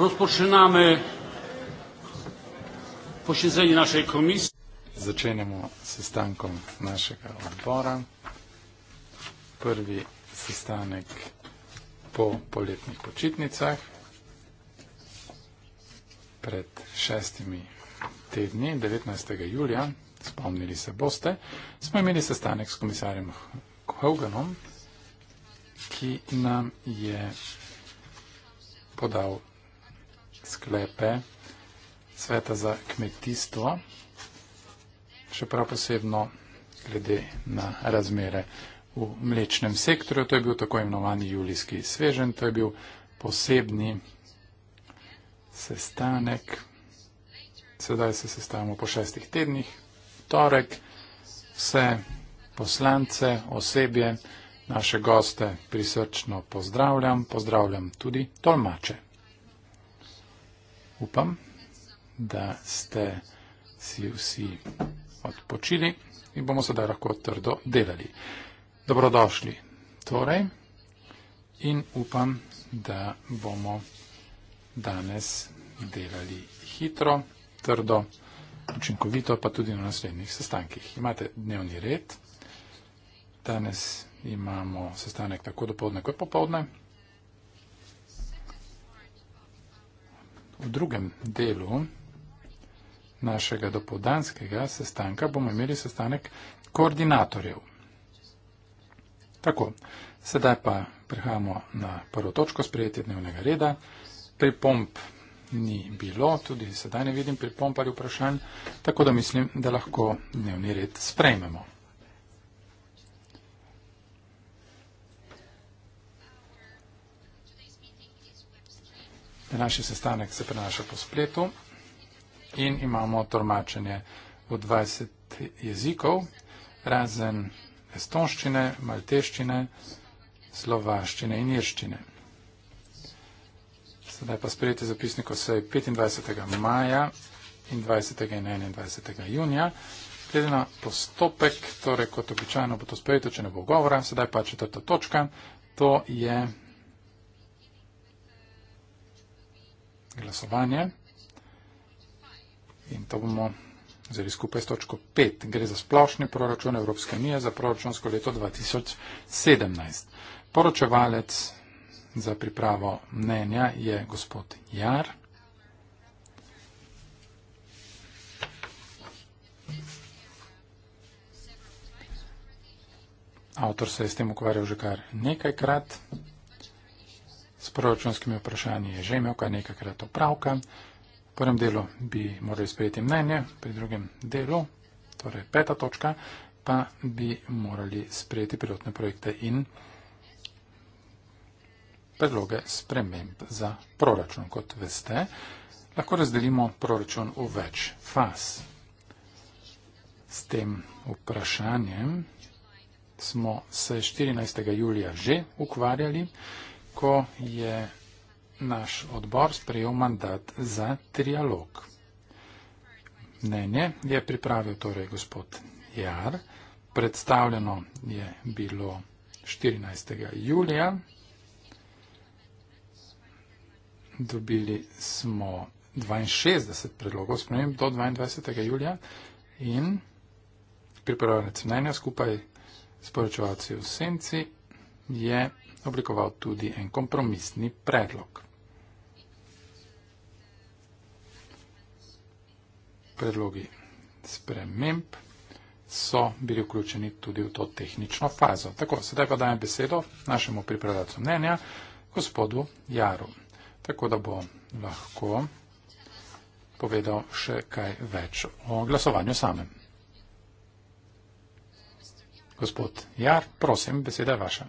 Rozpoczynamy posiedzenie naszej komisji. Zaczynamy zestanką naszego odbora. Pierwszy zestanek po poletnich poczytnicach. Przed szestymi tydni, 19. julia, wspomnili se boste, smo imeli sestanek s komisarjem Hoganom, ki nam je podal sklepe Sveta za kmetijstvo, še prav posebno glede na razmere v mlečnem sektorju. To je bil tako imenovani julijski svežen, to je bil posebni sestanek. Sedaj se sestavimo po šestih tednih, torek, vse poslance, osebje, naše goste prisrčno pozdravljam, pozdravljam tudi tolmače. Upam, da ste si vsi odpočili in bomo sedaj lahko trdo delali. Dobrodošli torej in upam, da bomo danes delali hitro, trdo, učinkovito, pa tudi na naslednjih sestankih. Imate dnevni red. Danes imamo sestanek tako dopoledne kot popoldne. Po V drugem delu našega dopoldanskega sestanka bomo imeli sestanek koordinatorjev. Tako, sedaj pa prehajamo na prvo točko sprejetja dnevnega reda. Pripomp ni bilo, tudi sedaj ne vidim pripomp ali vprašanj, tako da mislim, da lahko dnevni red sprejmemo. Današnji sestanek se prenaša po spletu in imamo tolmačenje v 20 jezikov, razen estonščine, malteščine, slovaščine in irščine. Sedaj pa sprejeti zapisnik o sej 25. maja in 20. in 21. junija. Glede na postopek, torej kot običajno bo to sprejeto, če ne bo govora, sedaj pa četrta točka, to je glasovanje in to bomo vzeli skupaj s točko 5. Gre za splošni proračun Evropske unije za proračunsko leto 2017. Poročevalec za pripravo mnenja je gospod Jar. Avtor se je s tem ukvarjal že kar nekajkrat s proračunskimi vprašanji je že imel kaj nekakrat opravka. V prvem delu bi morali sprejeti mnenje, pri drugem delu, torej peta točka, pa bi morali sprejeti pilotne projekte in predloge sprememb za proračun. Kot veste, lahko razdelimo proračun v več faz. S tem vprašanjem smo se 14. julija že ukvarjali ko je naš odbor sprejel mandat za trialog. Mnenje je pripravil torej gospod Jar, predstavljeno je bilo 14. julija. Dobili smo 62 predlogov sprememb do 22. julija in pripravljenec mnenja skupaj s poročevalci v Senci je oblikoval tudi en kompromisni predlog. Predlogi sprememb so bili vključeni tudi v to tehnično fazo. Tako, sedaj pa dajem besedo našemu pripravljacu mnenja, gospodu Jaru. Tako da bo lahko povedal še kaj več o glasovanju samem. Gospod Jar, prosim, beseda je vaša.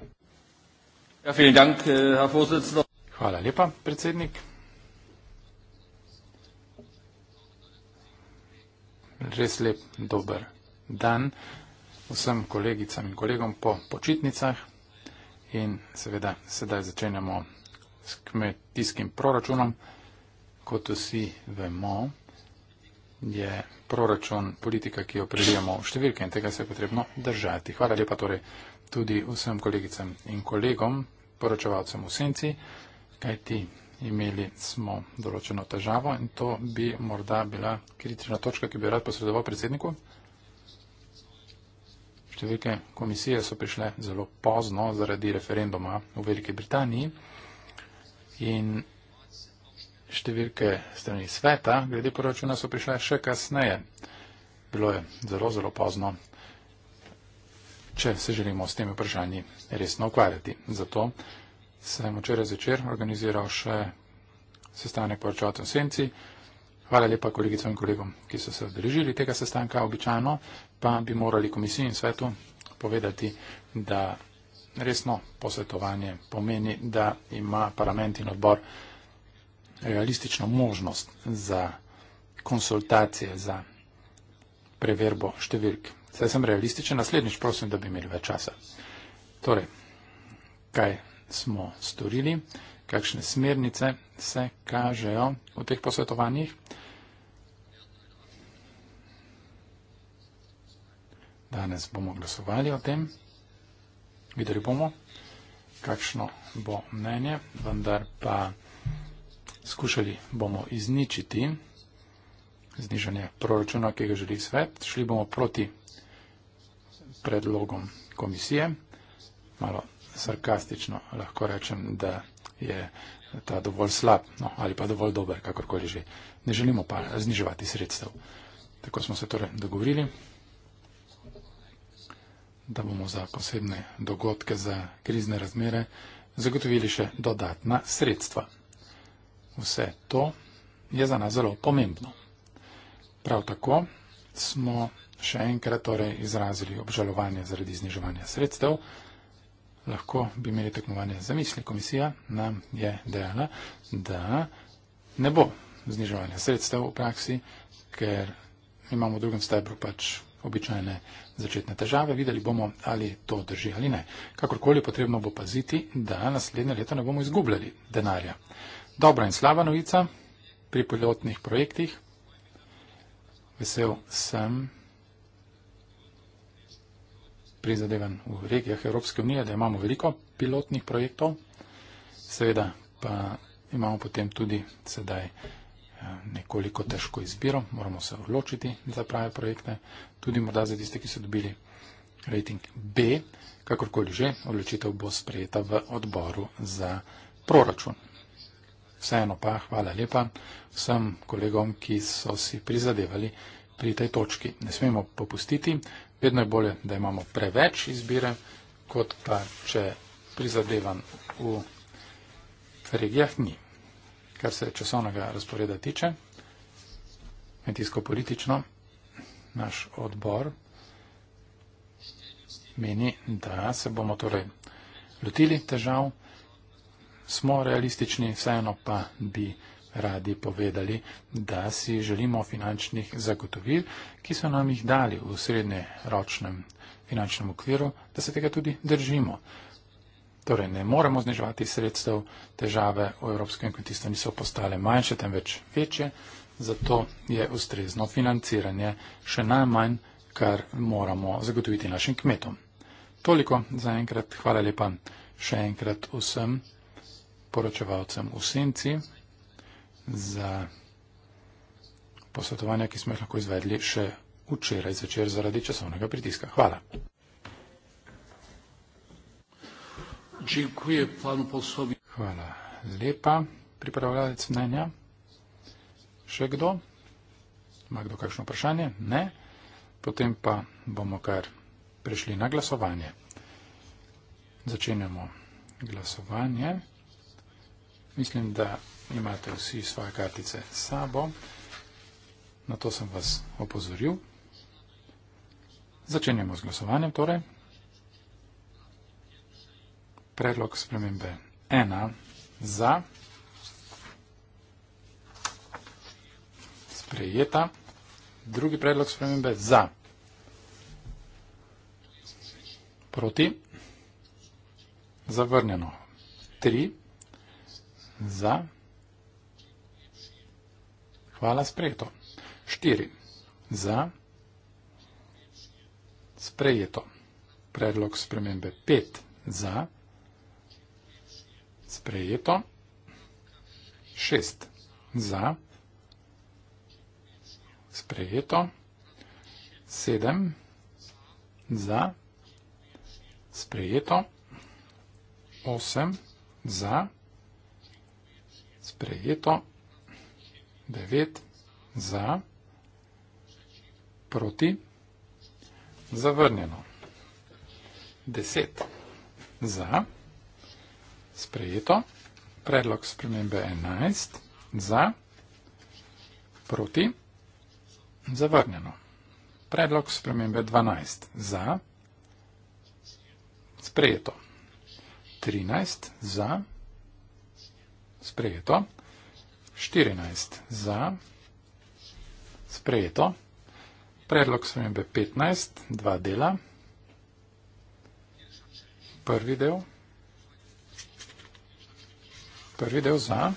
Ja, vielen Dank, äh, Herr Vorsitzender. Hvala lepa, predsednik. Res lep, dober dan vsem kolegicam in kolegom po počitnicah in seveda sedaj začenjamo s kmetijskim proračunom. Kot vsi vemo, je proračun politika, ki jo prelijamo v številke in tega se je potrebno držati. Hvala lepa torej tudi vsem kolegicam in kolegom, poročevalcem v senci, kajti imeli smo določeno težavo in to bi morda bila kritična točka, ki bi rad posredoval predsedniku. Številke komisije so prišle zelo pozno zaradi referenduma v Veliki Britaniji in številke strani sveta glede poračuna so prišle še kasneje. Bilo je zelo, zelo pozno če se želimo s temi vprašanji resno ukvarjati. Zato sem včeraj zvečer organiziral še sestanek po računovcu Senci. Hvala lepa kolegicam in kolegom, ki so se odrežili tega sestanka. Običajno pa bi morali komisiji in svetu povedati, da resno posvetovanje pomeni, da ima parlament in odbor realistično možnost za konsultacije, za preverbo številk. Zdaj sem realističen, naslednjič prosim, da bi imeli več časa. Torej, kaj smo storili, kakšne smernice se kažejo v teh posvetovanjih. Danes bomo glasovali o tem, videli bomo, kakšno bo mnenje, vendar pa skušali bomo izničiti znižanje proračuna, ki ga želi svet, šli bomo proti predlogom komisije. Malo sarkastično lahko rečem, da je ta dovolj slab no, ali pa dovolj dober, kakorkoli že. Ne želimo pa zniževati sredstev. Tako smo se torej dogovorili, da bomo za posebne dogodke, za krizne razmere zagotovili še dodatna sredstva. Vse to je za nas zelo pomembno. Prav tako smo še enkrat torej izrazili obžalovanje zaradi zniževanja sredstev. Lahko bi imeli tekmovanje za misli. Komisija nam je dejala, da ne bo zniževanja sredstev v praksi, ker imamo v drugem stebru pač običajne začetne težave. Videli bomo, ali to drži ali ne. Kakorkoli potrebno bo paziti, da naslednje leto ne bomo izgubljali denarja. Dobra in slaba novica pri pilotnih projektih. Vesel sem prizadevanj v regijah Evropske unije, da imamo veliko pilotnih projektov, seveda pa imamo potem tudi sedaj eh, nekoliko težko izbiro, moramo se odločiti za prave projekte, tudi morda za tiste, ki so dobili rejting B, kakorkoli že, odločitev bo sprejeta v odboru za proračun. Vseeno pa hvala lepa vsem kolegom, ki so si prizadevali pri tej točki. Ne smemo popustiti, Vedno je bolje, da imamo preveč izbire, kot pa če prizadevan v regijah ni. Kar se časovnega razporeda tiče, medijsko-politično, naš odbor meni, da se bomo torej lotili težav, smo realistični, vseeno pa bi radi povedali, da si želimo finančnih zagotovil, ki so nam jih dali v srednjeročnem finančnem okviru, da se tega tudi držimo. Torej, ne moremo znižovati sredstev, težave v evropskem kmetijstvu niso postale manjše, temveč večje, zato je ustrezno financiranje še najmanj, kar moramo zagotoviti našim kmetom. Toliko za enkrat, hvala lepa še enkrat vsem poročevalcem v senci za posvetovanja, ki smo jih lahko izvedli še včeraj zvečer zaradi časovnega pritiska. Hvala. Hvala lepa, pripravljalec mnenja. Še kdo? Ima kdo kakšno vprašanje? Ne. Potem pa bomo kar prešli na glasovanje. Začenjamo glasovanje. Mislim, da imate vsi svoje kartice s sabo. Na to sem vas opozoril. Začenjamo z glasovanjem torej. Predlog spremembe ena za sprejeta, drugi predlog spremembe za proti, zavrnjeno tri. Za. Hvala, sprejeto. Štiri. Za. Sprejeto. Predlog spremembe. Pet. Za. Sprejeto. Šest. Za. Sprejeto. Sedem. Za. Sprejeto. Osem. Za. Sprejeto sprejeto, 9 za, proti, zavrnjeno, 10 za, sprejeto, predlog spremembe 11 za, proti, zavrnjeno, predlog spremembe 12 za, sprejeto, 13 za, proti, zavrnjeno, sprejeto. 14 za, sprejeto. Predlog spremembe 15, dva dela. Prvi del, prvi del za,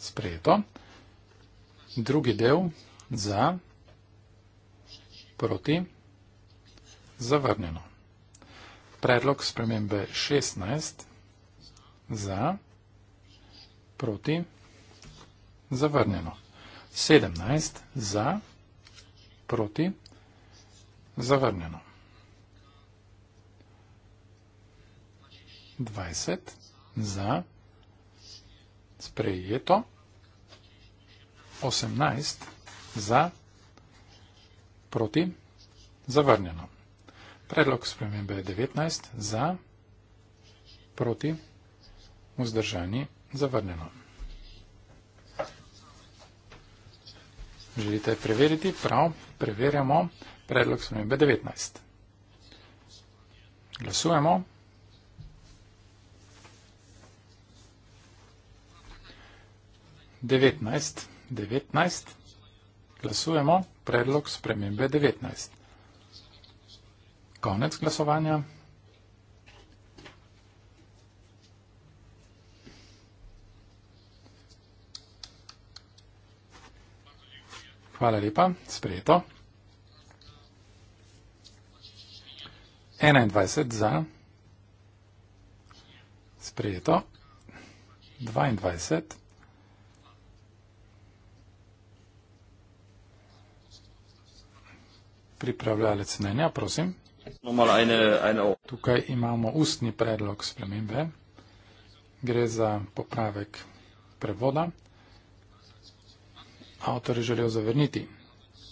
sprejeto. Drugi del za, proti, zavrnjeno. Predlog spremembe 16 za, sprejeto proti, zavrnjeno. 17 za, proti, zavrnjeno. 20 za, sprejeto. 18 za, proti, zavrnjeno. Predlog spremembe je 19 za, proti, vzdržani, vzdržani. Zavrnjeno. Želite preveriti? Prav, preverjamo. Predlog spremembe 19. Glasujemo. Devetnajst, devetnajst, glasujemo, predlog spremembe devetnajst. Konec glasovanja. Hvala lepa, sprejeto. 21 za, sprejeto. 22. Pripravljalec mnenja, prosim. Tukaj imamo ustni predlog spremembe. Gre za popravek prevoda avtor je želel zavrniti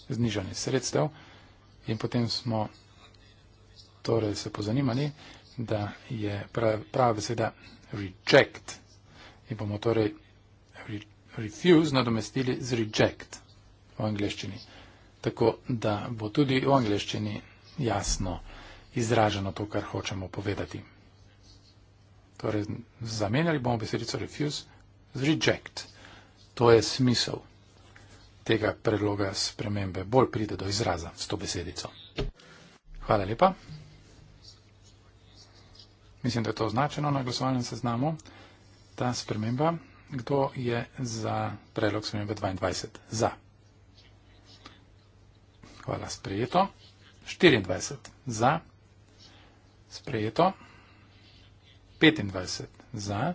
znižanje sredstev in potem smo torej se pozanimali, da je prava beseda reject in bomo torej re, refuse nadomestili z reject v angleščini. Tako da bo tudi v angleščini jasno izraženo to, kar hočemo povedati. Torej, zamenjali bomo besedico refuse z reject. To je smisel tega predloga spremembe bolj pride do izraza s to besedico. Hvala lepa. Mislim, da je to označeno na glasovalnem seznamu, ta sprememba. Kdo je za predlog spremembe 22? Za. Hvala, sprejeto. 24 za, sprejeto. 25 za,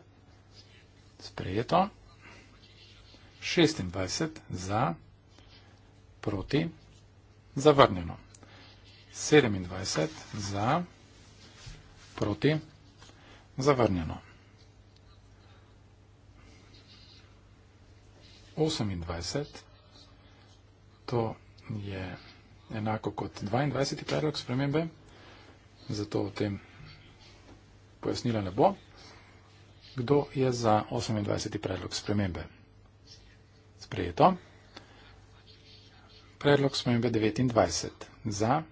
sprejeto. 26 za, proti, zavrnjeno. 27 za, proti, zavrnjeno. 28, to je enako kot 22. predlog spremembe, zato o tem pojasnila ne bo. Kdo je za 28. predlog spremembe? Sprejeto. Predlog spremembe 29. Za,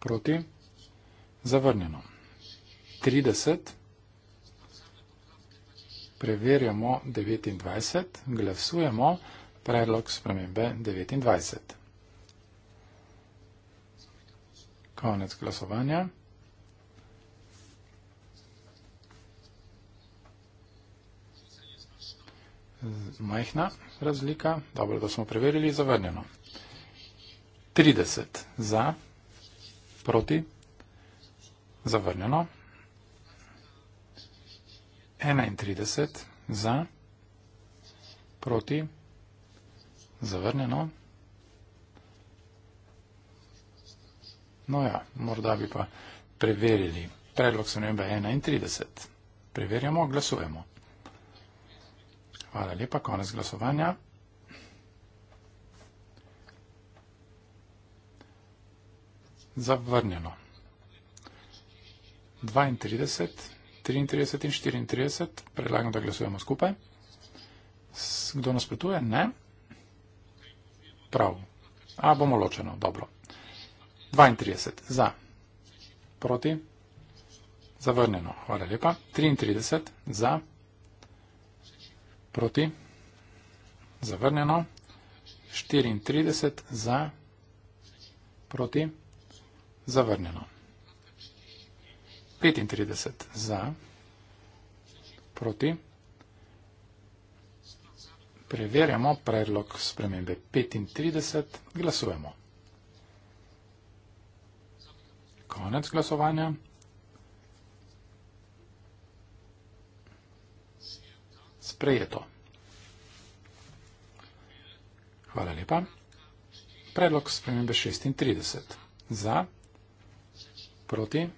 proti, zavrnjeno. 30. Preverjamo 29. Glasujemo predlog spremembe 29. Konec glasovanja. Majhna razlika. Dobro, da smo preverili zavrnjeno. 30 za, proti, zavrnjeno. 31 za, proti, zavrnjeno. No ja, morda bi pa preverili. Predlog se nebe 31. Preverjamo, glasujemo. Hvala lepa, konec glasovanja. zavrnjeno. 32, 33 in 34, predlagam, da glasujemo skupaj. Kdo nas pretuje? Ne. Prav. A bomo ločeno, dobro. 32, za. Proti. Zavrnjeno, hvala lepa. 33, za. Proti. Zavrnjeno. 34, za. Proti zavrnjeno. 35 za, proti. Preverjamo predlog spremembe 35, glasujemo. Konec glasovanja. Sprejeto. Hvala lepa. Predlog spremembe 36 za, proti proti,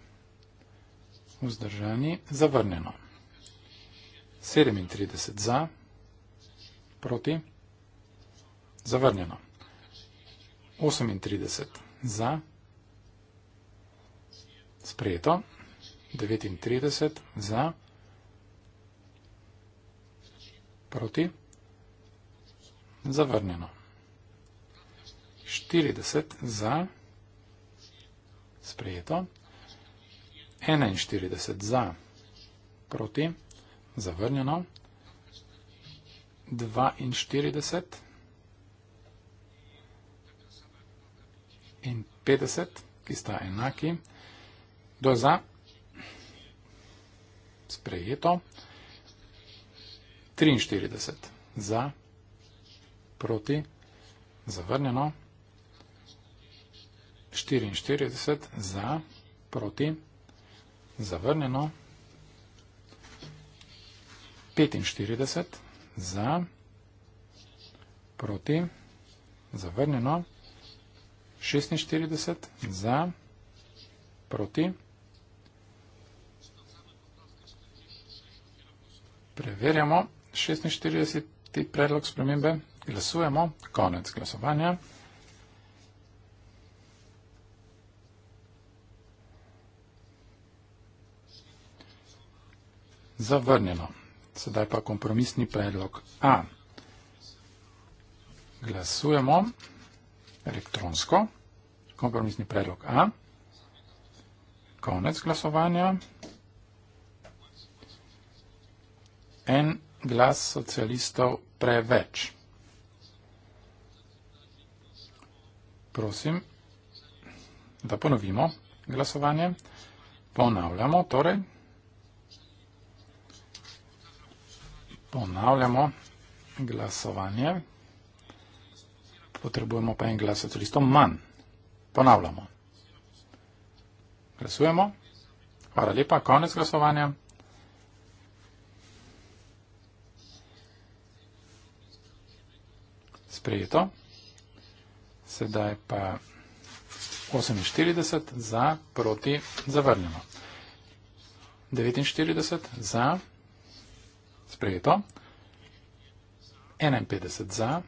vzdržani, zavrnjeno. 37 za, proti, zavrnjeno. 38 za, sprejeto. 39 za, proti, zavrnjeno. 40 za, sprejeto. 41 za, proti, zavrnjeno, 42 in 50, ki sta enaki, do za, sprejeto, 43 za, proti, zavrnjeno, 44 za, proti, zavrnjeno, zavrnjeno. 45 za, proti, zavrnjeno. 46 za, proti. Preverjamo 46. predlog spremembe. Glasujemo. Konec glasovanja. zavrnjeno. Sedaj pa kompromisni predlog A. Glasujemo elektronsko. Kompromisni predlog A. Konec glasovanja. En glas socialistov preveč. Prosim, da ponovimo glasovanje. Ponavljamo torej. ponavljamo glasovanje. Potrebujemo pa en glas od 300 manj. Ponavljamo. Glasujemo. Hvala lepa, konec glasovanja. Sprejeto. Sedaj pa 48 za, proti, zavrnjeno. 49 za. Sprejeto. 51 za,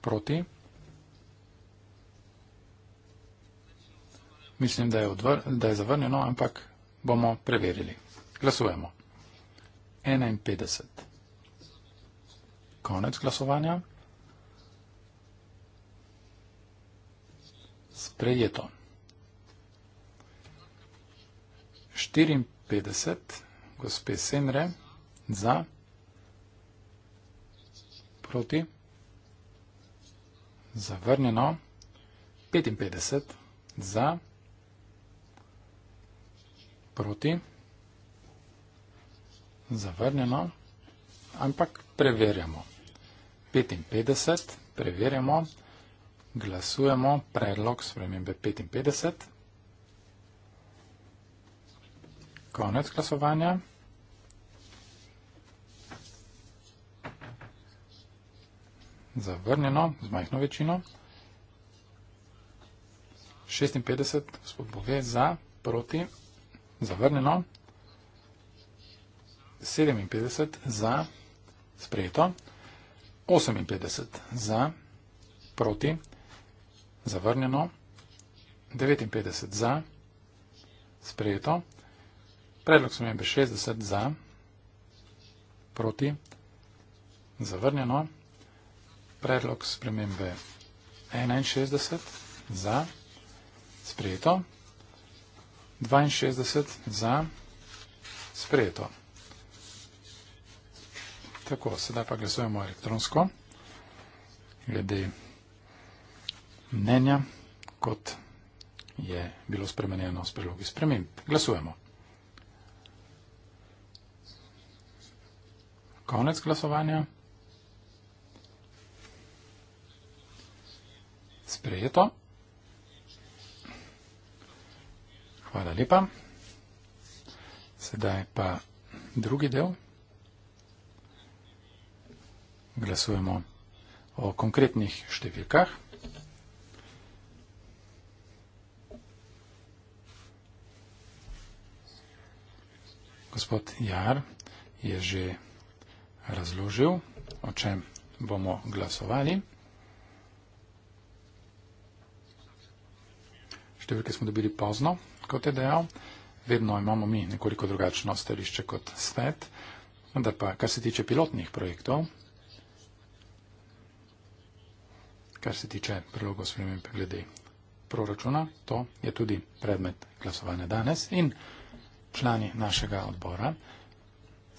proti. Mislim, da je, odvr, da je zavrnjeno, ampak bomo preverili. Glasujemo. 51. Konec glasovanja. Sprejeto. 54. Gospe Senre za, proti, zavrnjeno, 55 za, proti, zavrnjeno, ampak preverjamo. 55, preverjamo, glasujemo, predlog spremembe 55. Konec glasovanja. zavrnjeno z majhno večino. 56, gospod Bove, za, proti, zavrnjeno. 57, za, sprejeto. 58, za, proti, zavrnjeno. 59, za, sprejeto. Predlog so mi 60, za, proti, zavrnjeno predlog spremembe 61 za sprejeto, 62 za sprejeto. Tako, sedaj pa glasujemo elektronsko, glede mnenja, kot je bilo spremenjeno s predlogi sprememb. Glasujemo. Konec glasovanja. sprejeto. Hvala lepa. Sedaj pa drugi del. Glasujemo o konkretnih številkah. Gospod Jar je že razložil, o čem bomo glasovali. številke smo dobili pozno, kot je dejal. Vedno imamo mi nekoliko drugačno stališče kot svet. Vendar pa, kar se tiče pilotnih projektov, kar se tiče prilogo sprememb glede proračuna, to je tudi predmet glasovanja danes in člani našega odbora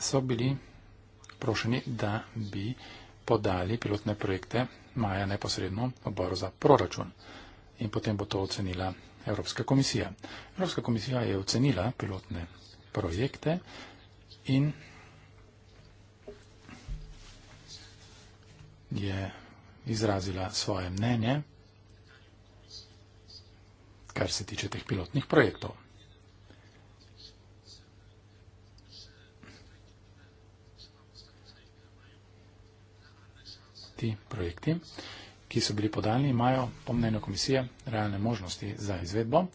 so bili prošeni, da bi podali pilotne projekte maja neposredno odboru za proračun. In potem bo to ocenila Evropska komisija. Evropska komisija je ocenila pilotne projekte in je izrazila svoje mnenje, kar se tiče teh pilotnih projektov. Ti projekti ki so bili podaljni, imajo po mnenju komisije realne možnosti za izvedbo.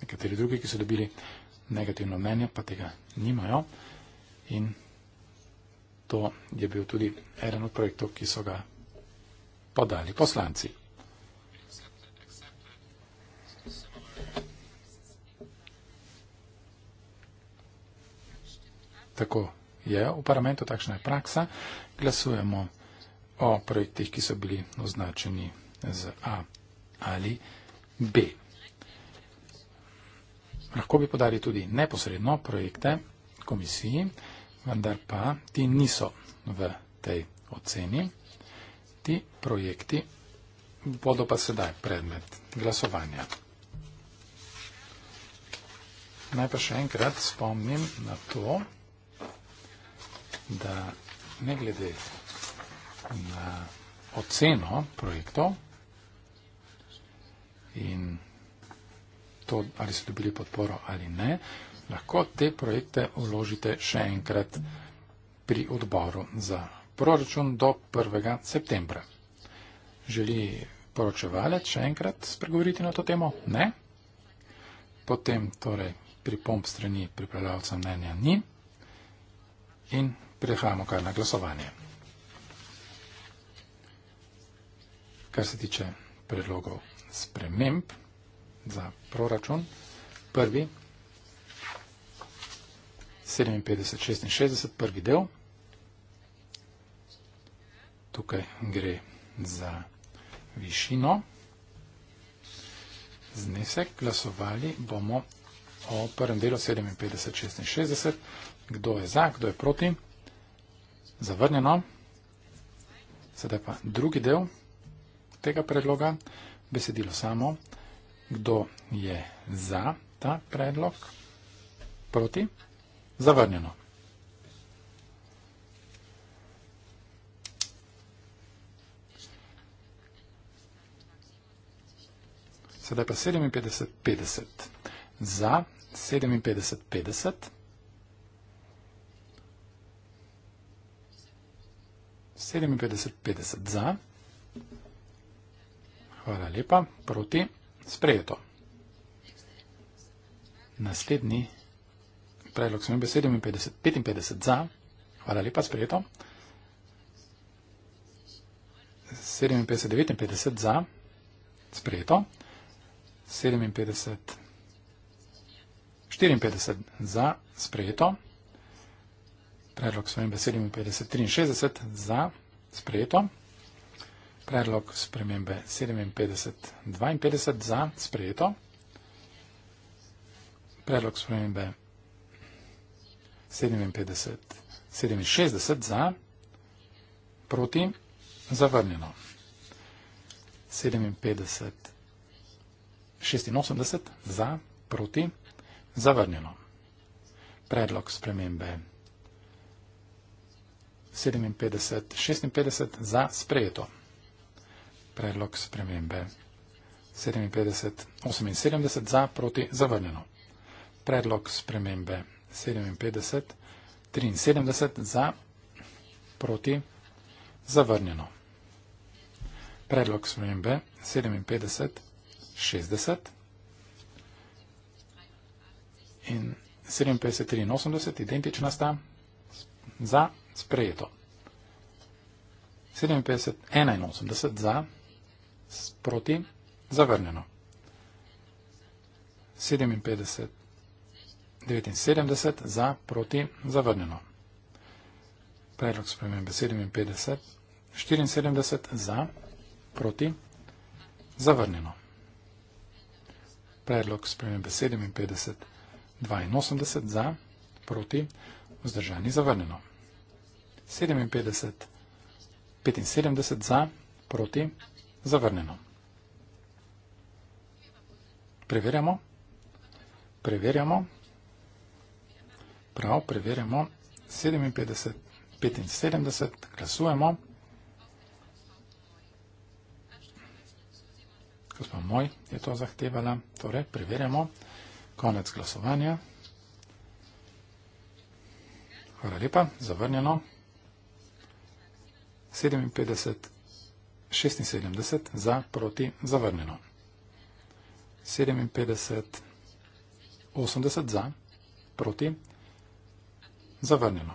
Nekateri drugi, ki so dobili negativno mnenje, pa tega nimajo. In to je bil tudi eden od projektov, ki so ga podali poslanci. Tako je v parlamentu, takšna je praksa, glasujemo o projektih, ki so bili označeni z A ali B. Lahko bi podali tudi neposredno projekte komisiji, vendar pa ti niso v tej oceni. Ti projekti bodo pa sedaj predmet glasovanja. Najprej še enkrat spomnim na to, da ne glede na oceno projektov in to, ali so dobili podporo ali ne, lahko te projekte vložite še enkrat pri odboru za proračun do 1. septembra. Želi poročevalec še enkrat spregovoriti na to temo? Ne? Potem torej pripomp strani pripravljavca mnenja ni in prehajamo kar na glasovanje. Kar se tiče predlogov sprememb za proračun, prvi 57-66, prvi del, tukaj gre za višino, znesek, glasovali bomo o prvem delu 57-66, kdo je za, kdo je proti, zavrnjeno. Sedaj pa drugi del tega predloga, besedilo samo, kdo je za ta predlog, proti, zavrnjeno. Sedaj pa 57-50. Za 57-50. 57 za. Hvala lepa. Proti. Sprejeto. Naslednji predlog smo imeli 57, 55 za. Hvala lepa. Sprejeto. 57, 59 za. Sprejeto. 57, 54 za. Sprejeto predlog svojim besedami 5063 za sprejeto, predlog spremembe 5752 za sprejeto, predlog spremembe 5767 za proti zavrnjeno. 57, 86 za proti zavrnjeno. Predlog spremembe 57, 56 za sprejeto. Predlog spremembe 57, 78 za proti zavrnjeno. Predlog spremembe 57, 73 za proti zavrnjeno. Predlog spremembe 57, 60 in 57, 83 identična sta za sprejeto. 57, 81 za, proti, zavrnjeno. 57, 79 za, proti, zavrnjeno. Predlog spremembe 57, 74 za, proti, zavrnjeno. Predlog spremembe 57, 82 za, proti, vzdržani, zavrnjeno. 57, 75 za, proti, zavrnjeno. Preverjamo, preverjamo, prav, preverjamo, 57, 75, glasujemo. Gospod moj je to zahtevala, torej preverjamo, konec glasovanja. Hvala lepa, zavrnjeno. 57, 76, za, proti, zavrnjeno. 57, 80 za, proti, zavrnjeno.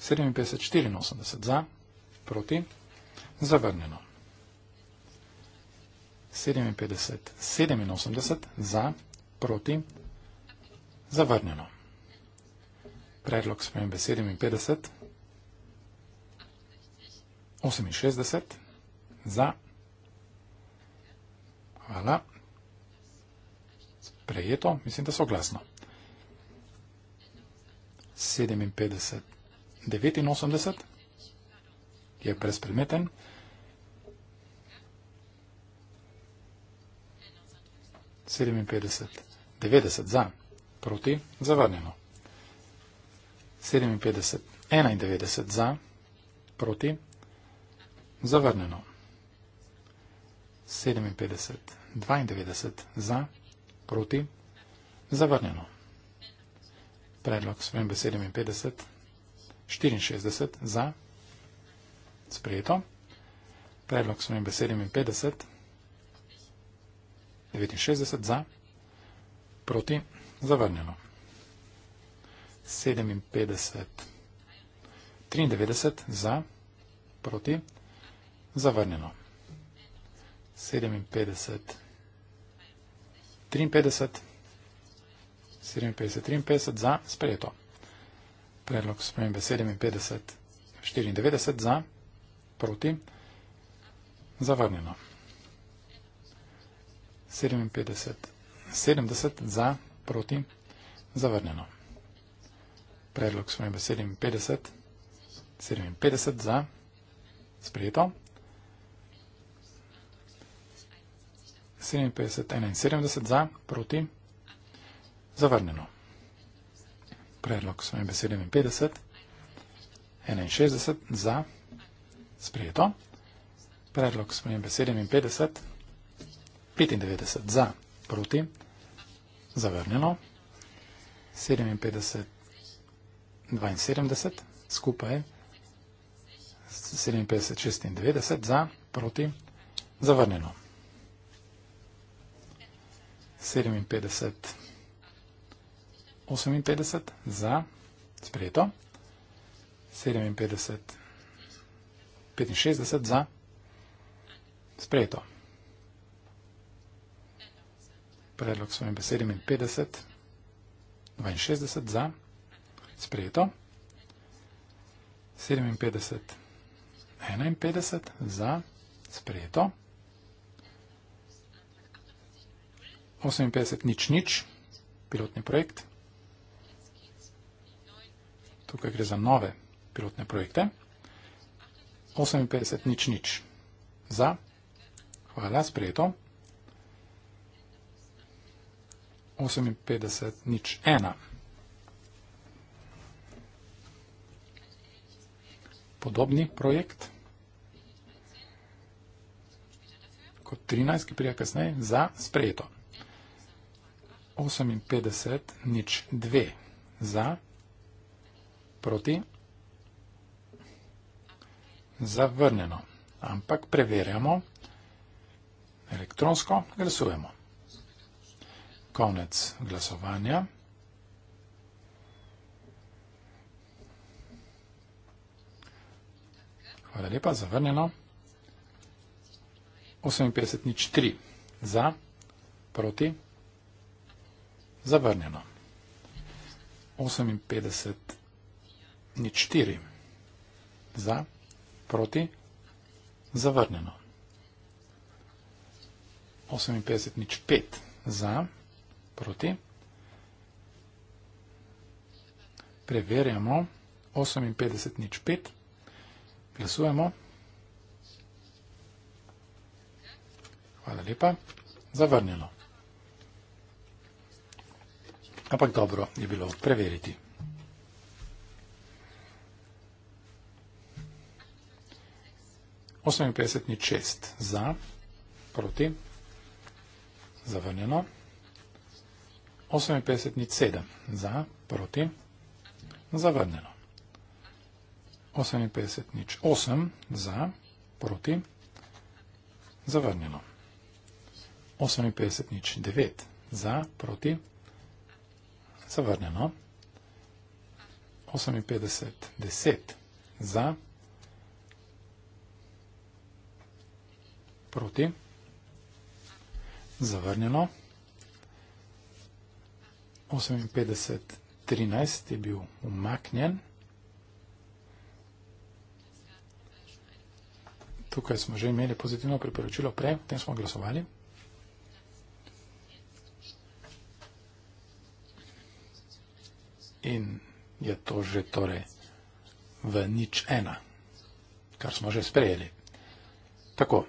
57, 84 za, proti, zavrnjeno. 57, 87 za, proti, zavrnjeno predlog spremembe 57, 68, za, hvala, sprejeto, mislim, da so glasno. 57, 89 je brezpredmeten. Sedeminpetdeset, devetdeset za, proti, zavrnjeno. 57, 91 za, proti, zavrnjeno. 57, 92 za, proti, zavrnjeno. Predlog spremembe 57, 64 za, sprejeto. Predlog spremembe 57, 69 za, proti, zavrnjeno. 57, 93 za, proti, zavrnjeno. 57, 53, 57, 53 za, sprejeto. Predlog spremembe 57, 94 za, proti, zavrnjeno. 57, 70 za, proti, zavrnjeno predlog spremembe 57, 57 za sprejeto. 57, 71 za, proti, zavrnjeno. Predlog spremembe 57, 61 za, sprejeto. Predlog spremembe 57, 95 za, proti, zavrnjeno. 57, 72 skupaj, 57, 96 za, proti, zavrnjeno. 57, 58 za, sprejeto. 57, 65 za, sprejeto. Predlog svojim besedim in 50, 62 za, sprejeto sprejeto. 57, 51 za sprejeto. 58, nič, nič, pilotni projekt. Tukaj gre za nove pilotne projekte. 58, nič, nič, za. Hvala, sprejeto. 58, nič, ena. podobni projekt kot 13, ki prija kasneje, za sprejeto. 58 nič 2 za, proti, zavrnjeno. Ampak preverjamo elektronsko, glasujemo. Konec glasovanja. Hvala lepa, zavrnjeno. 58 nič 3 za, proti, zavrnjeno. 58 nič 4 za, proti, zavrnjeno. 58 nič 5 za, proti. Preverjamo 58 nič 5 za. Glasujemo. Hvala lepa. Zavrnjeno. Ampak dobro je bilo preveriti. Osemindvajset ni čest za, proti, zavrnjeno. Osemindvajset ni sedem za, proti, zavrnjeno. 58 nič 8 za, proti, zavrnjeno. 58 nič 9 za, proti, zavrnjeno. 58 10 za, proti, zavrnjeno. 58 13 je bil umaknjen. Tukaj smo že imeli pozitivno priporočilo prej, v tem smo glasovali. In je to že torej v nič ena, kar smo že sprejeli. Tako.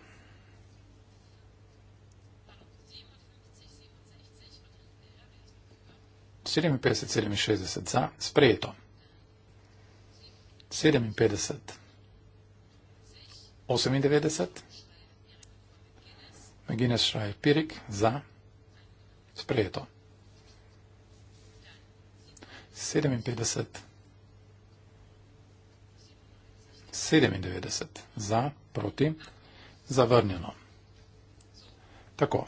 Sedeminpetdeset, sedeminšestdeset za, sprejeto. Sedeminpetdeset. 98, Megine Schreier Pirik za, sprejeto. 57, 97 za, proti, zavrnjeno. Tako.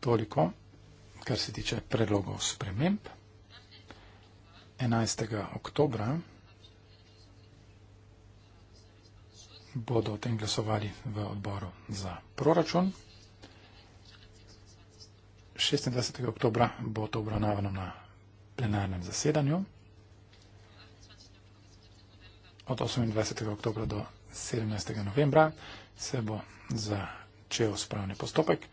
Toliko kar se tiče predlogov sprememb. 11. oktobra bodo o tem glasovali v odboru za proračun. 26. oktobra bo to obravnavano na plenarnem zasedanju. Od 28. oktobra do 17. novembra se bo začel spravni postopek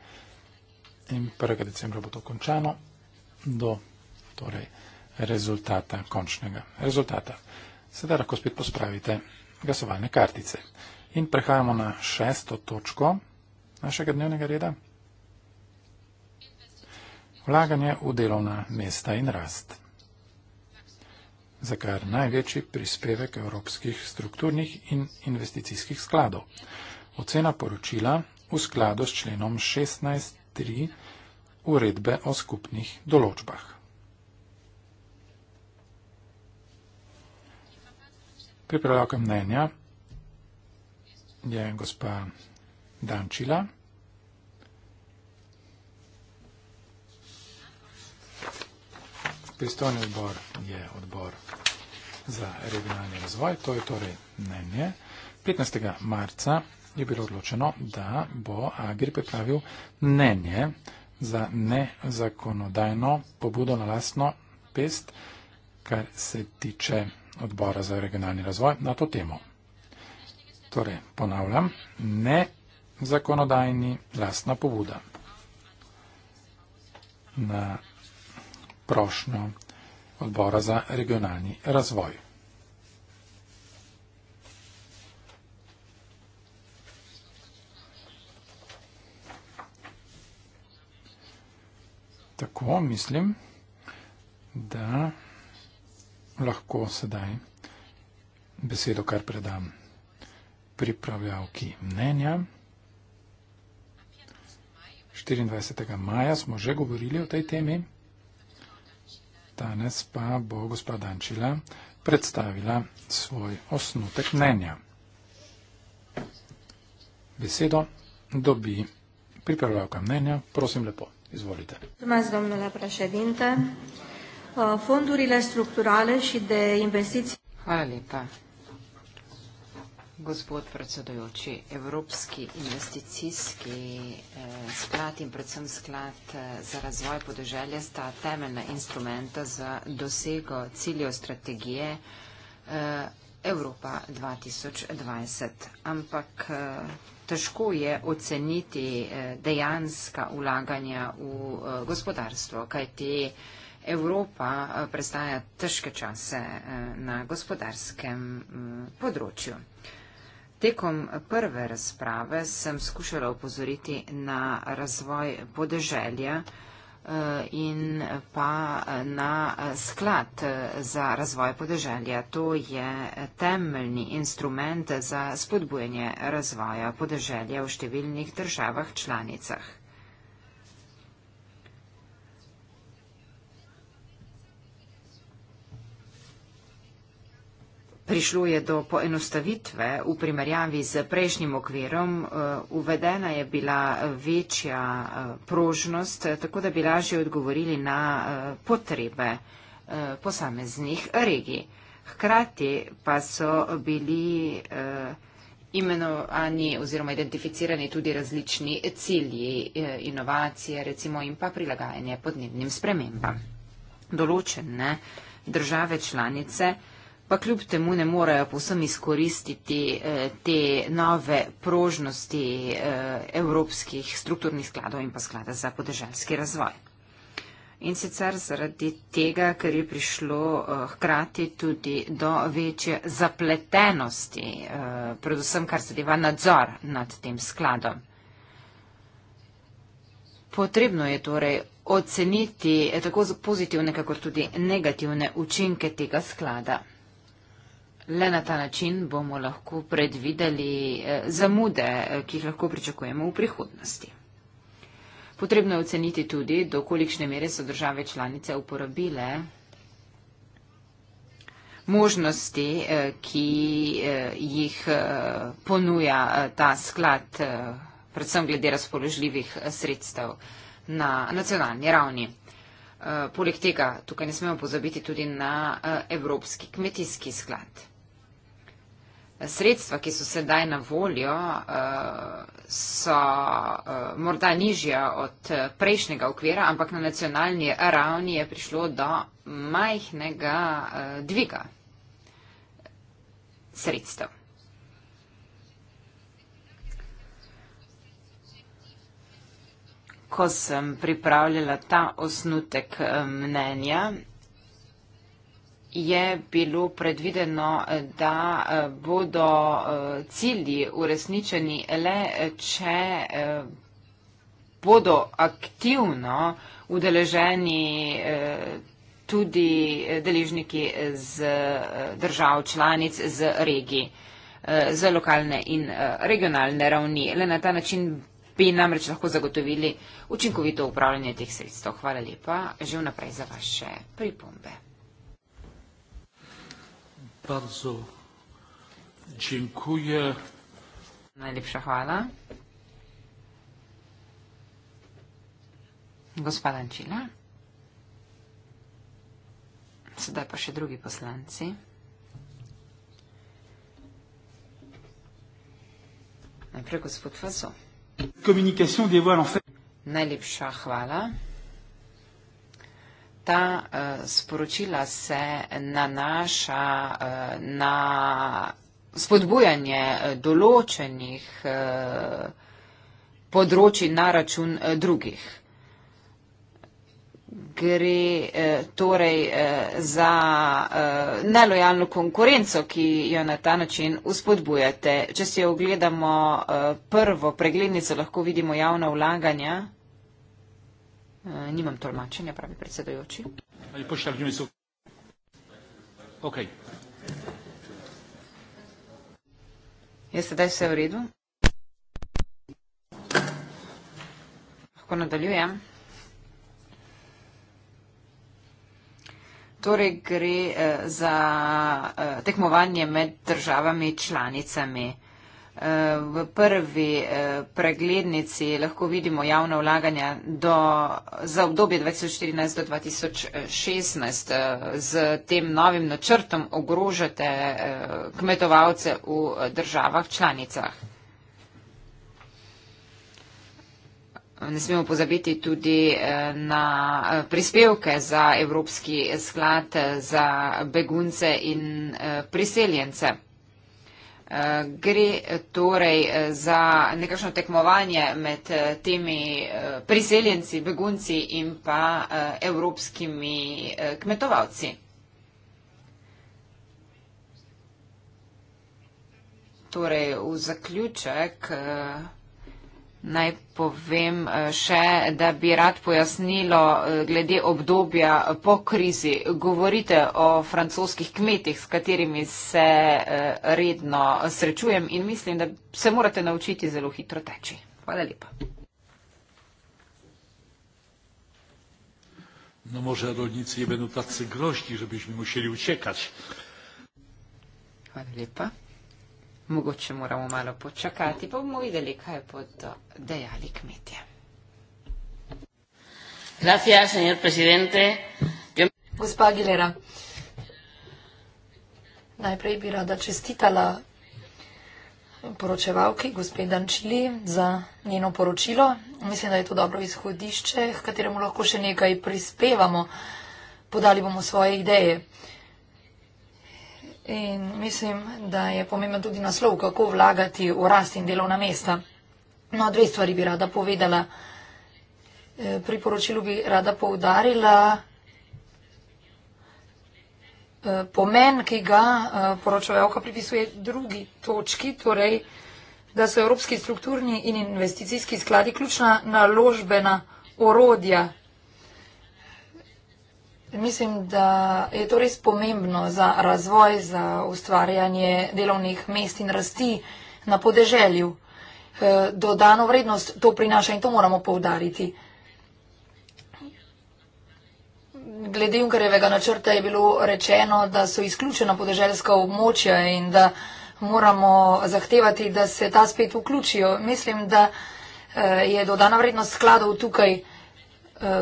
in 1. decembra bo to končano do torej, rezultata, končnega rezultata. Sedaj lahko spet pospravite glasovalne kartice. In prehajamo na šesto točko našega dnevnega reda. Vlaganje v delovna mesta in rast. Za kar največji prispevek evropskih strukturnih in investicijskih skladov. Ocena poročila v skladu s členom 16 3 uredbe o skupnih določbah. Pripravljavka mnenja je gospa Dančila. Pristojni odbor je odbor za regionalni razvoj, to je torej mnenje. 15. marca je bilo odločeno, da bo Agri pripravil mnenje za nezakonodajno pobudo na lastno pest, kar se tiče odbora za regionalni razvoj na to temo. Torej, ponavljam, nezakonodajni lastna pobuda na prošnjo odbora za regionalni razvoj. Tako mislim, da lahko sedaj besedo kar predam pripravljavki mnenja. 24. maja smo že govorili o tej temi, danes pa bo gospa Dančila predstavila svoj osnutek mnenja. Besedo dobi pripravljavka mnenja, prosim lepo. Izvolite. Mulțumesc, domnule președinte. Uh, fondurile structurale și de investiții... Hvala lepa. Gospod predsedujoči, Evropski investicijski eh, sklad in predvsem sklad eh, za razvoj podeželja sta temeljna instrumenta za dosego ciljev strategije eh, Evropa 2020. Ampak težko je oceniti eh, dejanska ulaganja v eh, gospodarstvo, kajti Evropa eh, prestaja težke čase na gospodarskem mm, področju. Tekom prve razprave sem skušala upozoriti na razvoj podeželja, Eh, in pa eh, na eh, sklad za razvoj podeželja. To je temeljni instrument za spodbujanje razvoja podeželja v številnih državah članicah. Prišlo je do poenostavitve v primerjavi z prejšnjim okvirom, eh, uvedena je bila eh, večja eh, prožnost, tako da bi lažje odgovorili na potrebe posameznih regij. Hkrati pa so bili imenovani oziroma identificirani tudi različni cilji inovacije, recimo in pa prilagajanje podnebnim spremembam. Določene države članice pa kljub temu ne morejo povsem izkoristiti eh, te nove prožnosti eh, evropskih strukturnih skladov in pa sklada za podeželjski razvoj. In sicer zaradi tega, ker je prišlo eh, hkrati tudi do večje zapletenosti, predvsem kar zadeva nadzor nad tem skladom. Potrebno je torej oceniti tako pozitivne, kakor tudi negativne učinke tega sklada. Le na ta način bomo lahko predvideli eh, zamude, eh, ki jih lahko pričakujemo v prihodnosti. Potrebno je oceniti tudi, do kolikšne mere so države članice uporabile možnosti, eh, ki jih ponuja ta sklad, predvsem glede razpoložljivih sredstev na nacionalni ravni. Poleg tega tukaj ne smemo pozabiti tudi na Evropski kmetijski sklad sredstva, ki so sedaj na voljo, eh, so eh, morda nižja od prejšnjega okvira, ampak na nacionalni ravni je prišlo do majhnega eh, dviga sredstev. Ko sem pripravljala ta osnutek mnenja, je bilo predvideno, da eh, bodo eh, cilji uresničeni le, če eh, bodo aktivno udeleženi tudi deležniki z držav članic, z regij, z lokalne in regionalne ravni. Le na ta način bi namreč lahko zagotovili učinkovito upravljanje teh sredstev. Hvala lepa že vnaprej za vaše pripombe. Bardzo dziękuję. Najlepsza chwała. Gospodin Cila. Sedaj pa še drugi poslanci. Najprej gospod Faso. Komunikacija dejavnosti. Najlepša hvala ta uh, sporočila se nanaša uh, na spodbujanje uh, določenih uh, področji na račun uh, drugih. Gre uh, torej uh, za uh, nelojalno konkurenco, ki jo na ta način uspodbujate. Če si ogledamo uh, prvo preglednico, lahko vidimo javna vlaganja. Eh, nimam tolmačenja, pravi predsedojoči. Ali pošljem v njimisu? Ok. Je sedaj vse v redu? Lahko nadaljujem? Torej gre eh, za eh, tekmovanje med državami članicami. V prvi eh, preglednici lahko vidimo javna vlaganja do, za obdobje 2014 do 2016. Eh, z tem novim načrtom ogrožate eh, kmetovalce v državah članicah. Ne smemo pozabiti tudi na prispevke za Evropski sklad za begunce in priseljence. Gre torej eh, za nekakšno tekmovanje med eh, temi eh, priseljenci, begunci in pa evropskimi kmetovalci. Torej, v zaključek. Naj povem eh, še, da bi rad pojasnilo eh, glede obdobja po krizi. Govorite o francoskih kmetih, s katerimi se eh, redno srečujem in mislim, da se morate naučiti zelo hitro teči. Hvala lepa. No, morda rodnici je bilo tako grožnji, da bi smo morali učekati. Hvala lepa mogoče moramo malo počakati, pa bomo videli, kaj bodo dejali kmetje. Gracias, señor presidente. Yo... Gospa Aguilera, najprej bi rada čestitala poročevalki, gospe Dančili, za njeno poročilo. Mislim, da je to dobro izhodišče, h kateremu lahko še nekaj prispevamo. Podali bomo svoje ideje. In mislim, da je pomemben tudi naslov, kako vlagati v rast in delovna mesta. No, dve stvari bi rada povedala. E, pri poročilu bi rada poudarila e, pomen, ki ga e, poročevalka pripisuje drugi točki, torej, da so evropski strukturni in investicijski skladi ključna naložbena orodja Mislim, da je to res pomembno za razvoj, za ustvarjanje delovnih mest in rasti na podeželju. E, dodano vrednost to prinaša in to moramo povdariti. Glede Junkarjevega načrta je bilo rečeno, da so izključena podeželska območja in da moramo zahtevati, da se ta spet vključijo. Mislim, da e, je dodana vrednost skladov tukaj e,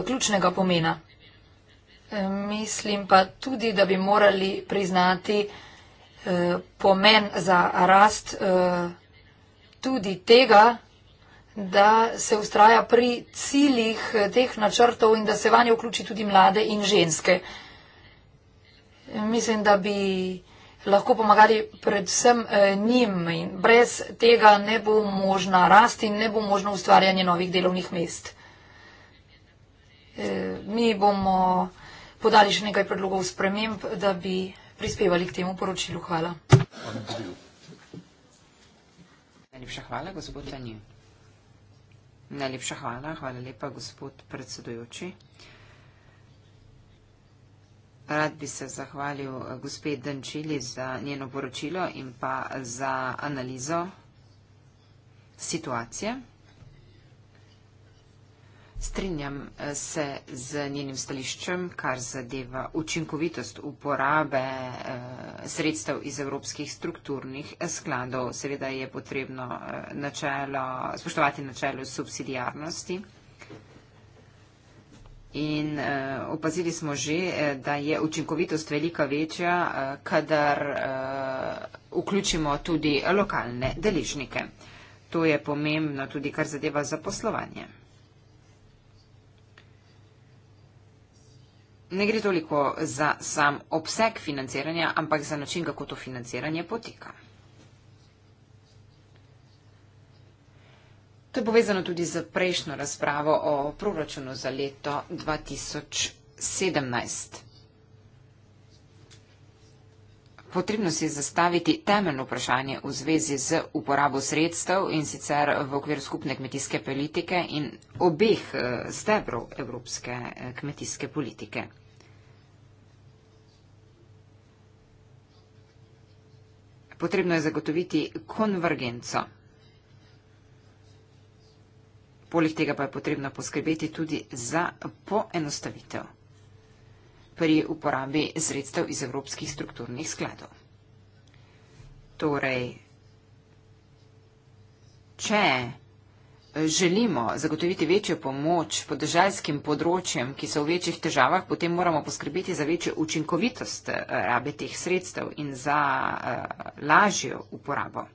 ključnega pomena. Mislim pa tudi, da bi morali priznati eh, pomen za rast eh, tudi tega, da se ustraja pri ciljih eh, teh načrtov in da se vanje vključi tudi mlade in ženske. Mislim, da bi lahko pomagali predvsem njim in brez tega ne bo možna rast in ne bo možno ustvarjanje novih delovnih mest. Mi bomo podali še nekaj predlogov sprememb, da bi prispevali k temu poročilu. Hvala. Najlepša hvala, gospod Tanji. Najlepša hvala, hvala lepa, gospod predsedujoči. Rad bi se zahvalil eh, gospe Dančili za njeno poročilo in pa za analizo situacije. Strinjam eh, se z njenim stališčem, kar zadeva učinkovitost uporabe eh, sredstev iz evropskih strukturnih eh, skladov. Seveda je potrebno načelo, spoštovati načelo subsidijarnosti. In uh, opazili smo že, da je učinkovitost velika večja, uh, kadar uh, vključimo tudi lokalne deležnike. To je pomembno tudi, kar zadeva zaposlovanje. ne gre toliko za sam obseg financiranja, ampak za način, kako to financiranje poteka. To je povezano tudi z prejšnjo razpravo o proračunu za leto 2017 potrebno si zastaviti temeljno vprašanje v zvezi z uporabo sredstev in sicer v okviru skupne kmetijske politike in obeh eh, stebrov evropske eh, kmetijske politike. Potrebno je zagotoviti konvergenco. Poleg tega pa je potrebno poskrbeti tudi za poenostavitev pri uporabi sredstev iz evropskih strukturnih skladov. Torej, če želimo zagotoviti večjo pomoč podeželskim področjem, ki so v večjih težavah, potem moramo poskrbeti za večjo učinkovitost eh, rabe teh sredstev in za uh, lažjo uporabo.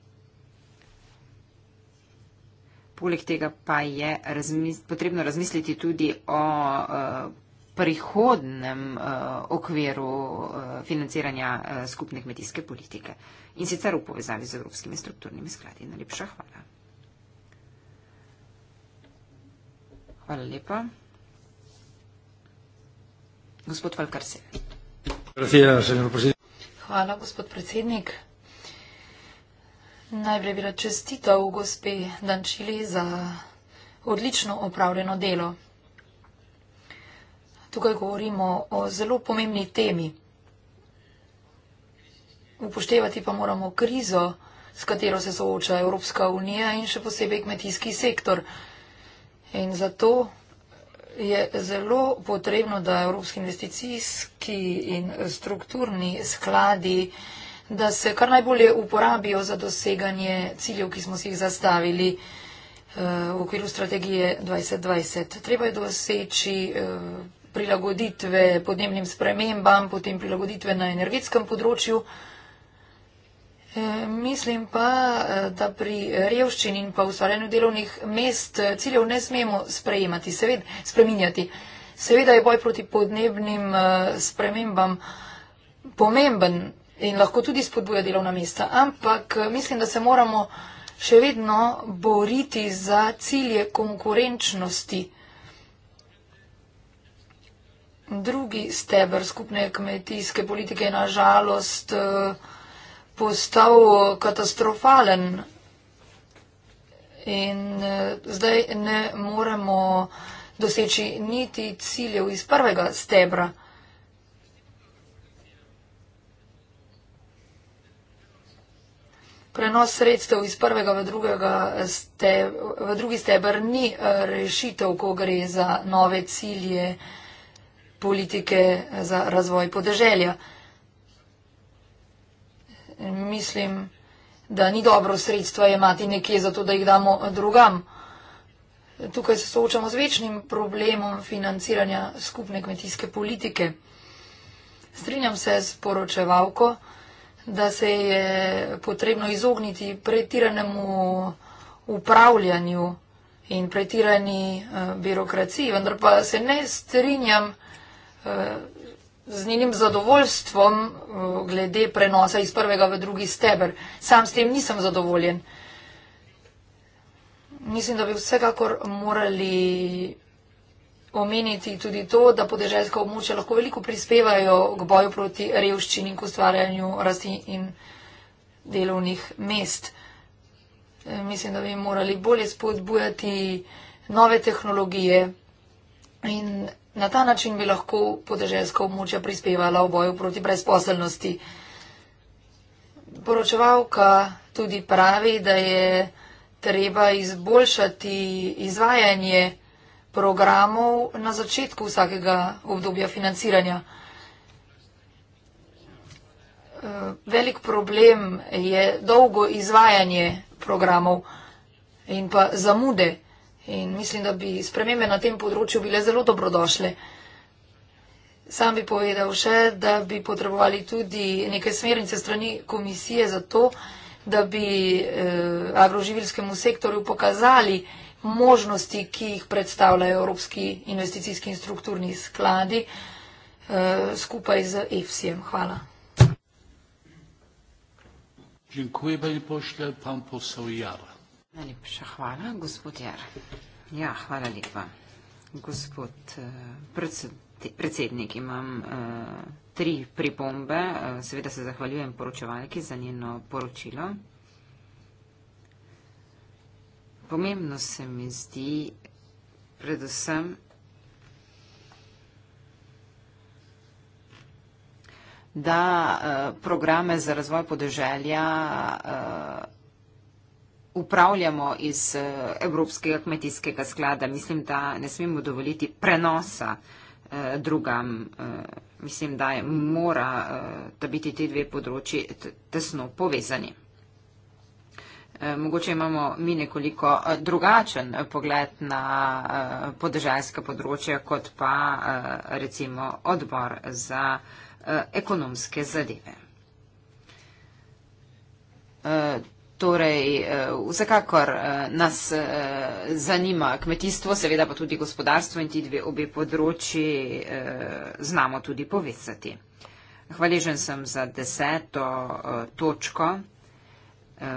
Poleg tega pa je razmi potrebno razmisliti tudi o uh, prihodnem uh, okviru uh, financiranja uh, skupne kmetijske politike in sicer v povezavi z evropskimi strukturnimi skladi. Najlepša hvala. Hvala lepa. Gospod Valkarse. Hvala, gospod predsednik. Najprej bi rad čestital gospe Dančili za odlično opravljeno delo tukaj govorimo o zelo pomembni temi. Upoštevati pa moramo krizo, s katero se sooča Evropska unija in še posebej kmetijski sektor. In zato je zelo potrebno, da Evropski investicijski in strukturni skladi, da se kar najbolje uporabijo za doseganje ciljev, ki smo si jih zastavili eh, v okviru strategije 2020. Treba je doseči eh, prilagoditve podnebnim spremembam, potem prilagoditve na energetskem področju. E, mislim pa, eh, da pri revščini in pa ustvarjanju delovnih mest eh, ciljev ne smemo sprejemati, seved, spreminjati. Seveda je boj proti podnebnim spremembam pomemben in lahko tudi spodbuja delovna mesta, ampak mislim, da se moramo še vedno boriti za cilje konkurenčnosti drugi steber skupne kmetijske politike je na žalost eh, postal eh, katastrofalen. In eh, zdaj ne moremo doseči niti ciljev iz prvega stebra. Prenos sredstev iz prvega v, ste, v drugi steber ni rešitev, ko gre za nove cilje politike za razvoj podeželja. Mislim, da ni dobro sredstva imati nekje zato, da jih damo drugam. Tukaj se soočamo z večnim problemom financiranja skupne kmetijske politike. Strinjam se s poročevalko, da se je potrebno izogniti pretiranemu upravljanju in pretirani eh, birokraciji, vendar pa se ne strinjam, z njenim zadovoljstvom eh, glede prenosa iz prvega v drugi steber. Sam s tem nisem zadovoljen. Mislim, da bi vsekakor morali omeniti tudi to, da podeželjska območja lahko veliko prispevajo k boju proti revščini in k ustvarjanju rasti in delovnih mest. Eh, mislim, da bi morali bolje spodbujati nove tehnologije in Na ta način bi lahko podeželjska območja prispevala v boju proti brezposelnosti. Poročevalka tudi pravi, da je treba izboljšati izvajanje programov na začetku vsakega obdobja financiranja. Velik problem je dolgo izvajanje programov in pa zamude programov. In mislim, da bi spremembe na tem področju bile zelo dobrodošle. Sam bi povedal še, da bi potrebovali tudi neke smernice strani komisije za to, da bi eh, agroživilskemu sektorju pokazali možnosti, ki jih predstavljajo Evropski investicijski in strukturni skladi eh, skupaj z EFSI-em. Hvala. Dziękuję, pani pośle, pan poseł Jara. Najlepša hvala, gospod Jar. Ja, hvala lepa. Gospod eh, predsednik, imam eh, tri pripombe. Eh, seveda se zahvaljujem poročevalki za njeno poročilo. Pomembno se mi zdi predvsem, da programe za razvoj podeželja vsega upravljamo iz eh, Evropskega kmetijskega sklada. Mislim, da ne smemo dovoliti prenosa eh, drugam. Eh, mislim, da je, mora da biti te dve področji tesno povezani. Mogoče imamo mi nekoliko drugačen pogled na podržajske področje, kot pa recimo odbor za ekonomske zadeve. Torej, eh, vsekakor eh, nas eh, zanima kmetijstvo, seveda pa tudi gospodarstvo in ti dve obe področji znamo tudi povezati. Hvaležen sem za deseto točko.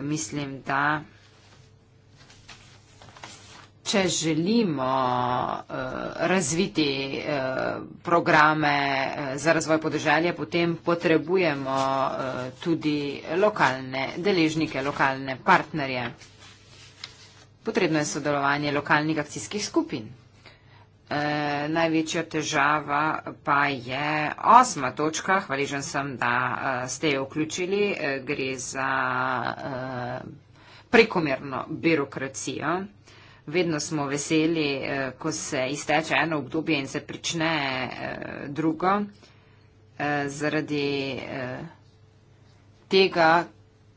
Mislim, da če želimo eh, razviti eh, programe eh, za razvoj podeželja, potem potrebujemo tudi lokalne deležnike, lokalne partnerje. Potrebno je sodelovanje lokalnih akcijskih skupin. E, največja težava pa je osma točka, hvaležen sem, da e, ste jo vključili, e, gre za e, prekomerno birokracijo vedno smo veseli, eh, ko se izteče eno obdobje in se prične eh, drugo, eh, zaradi tega,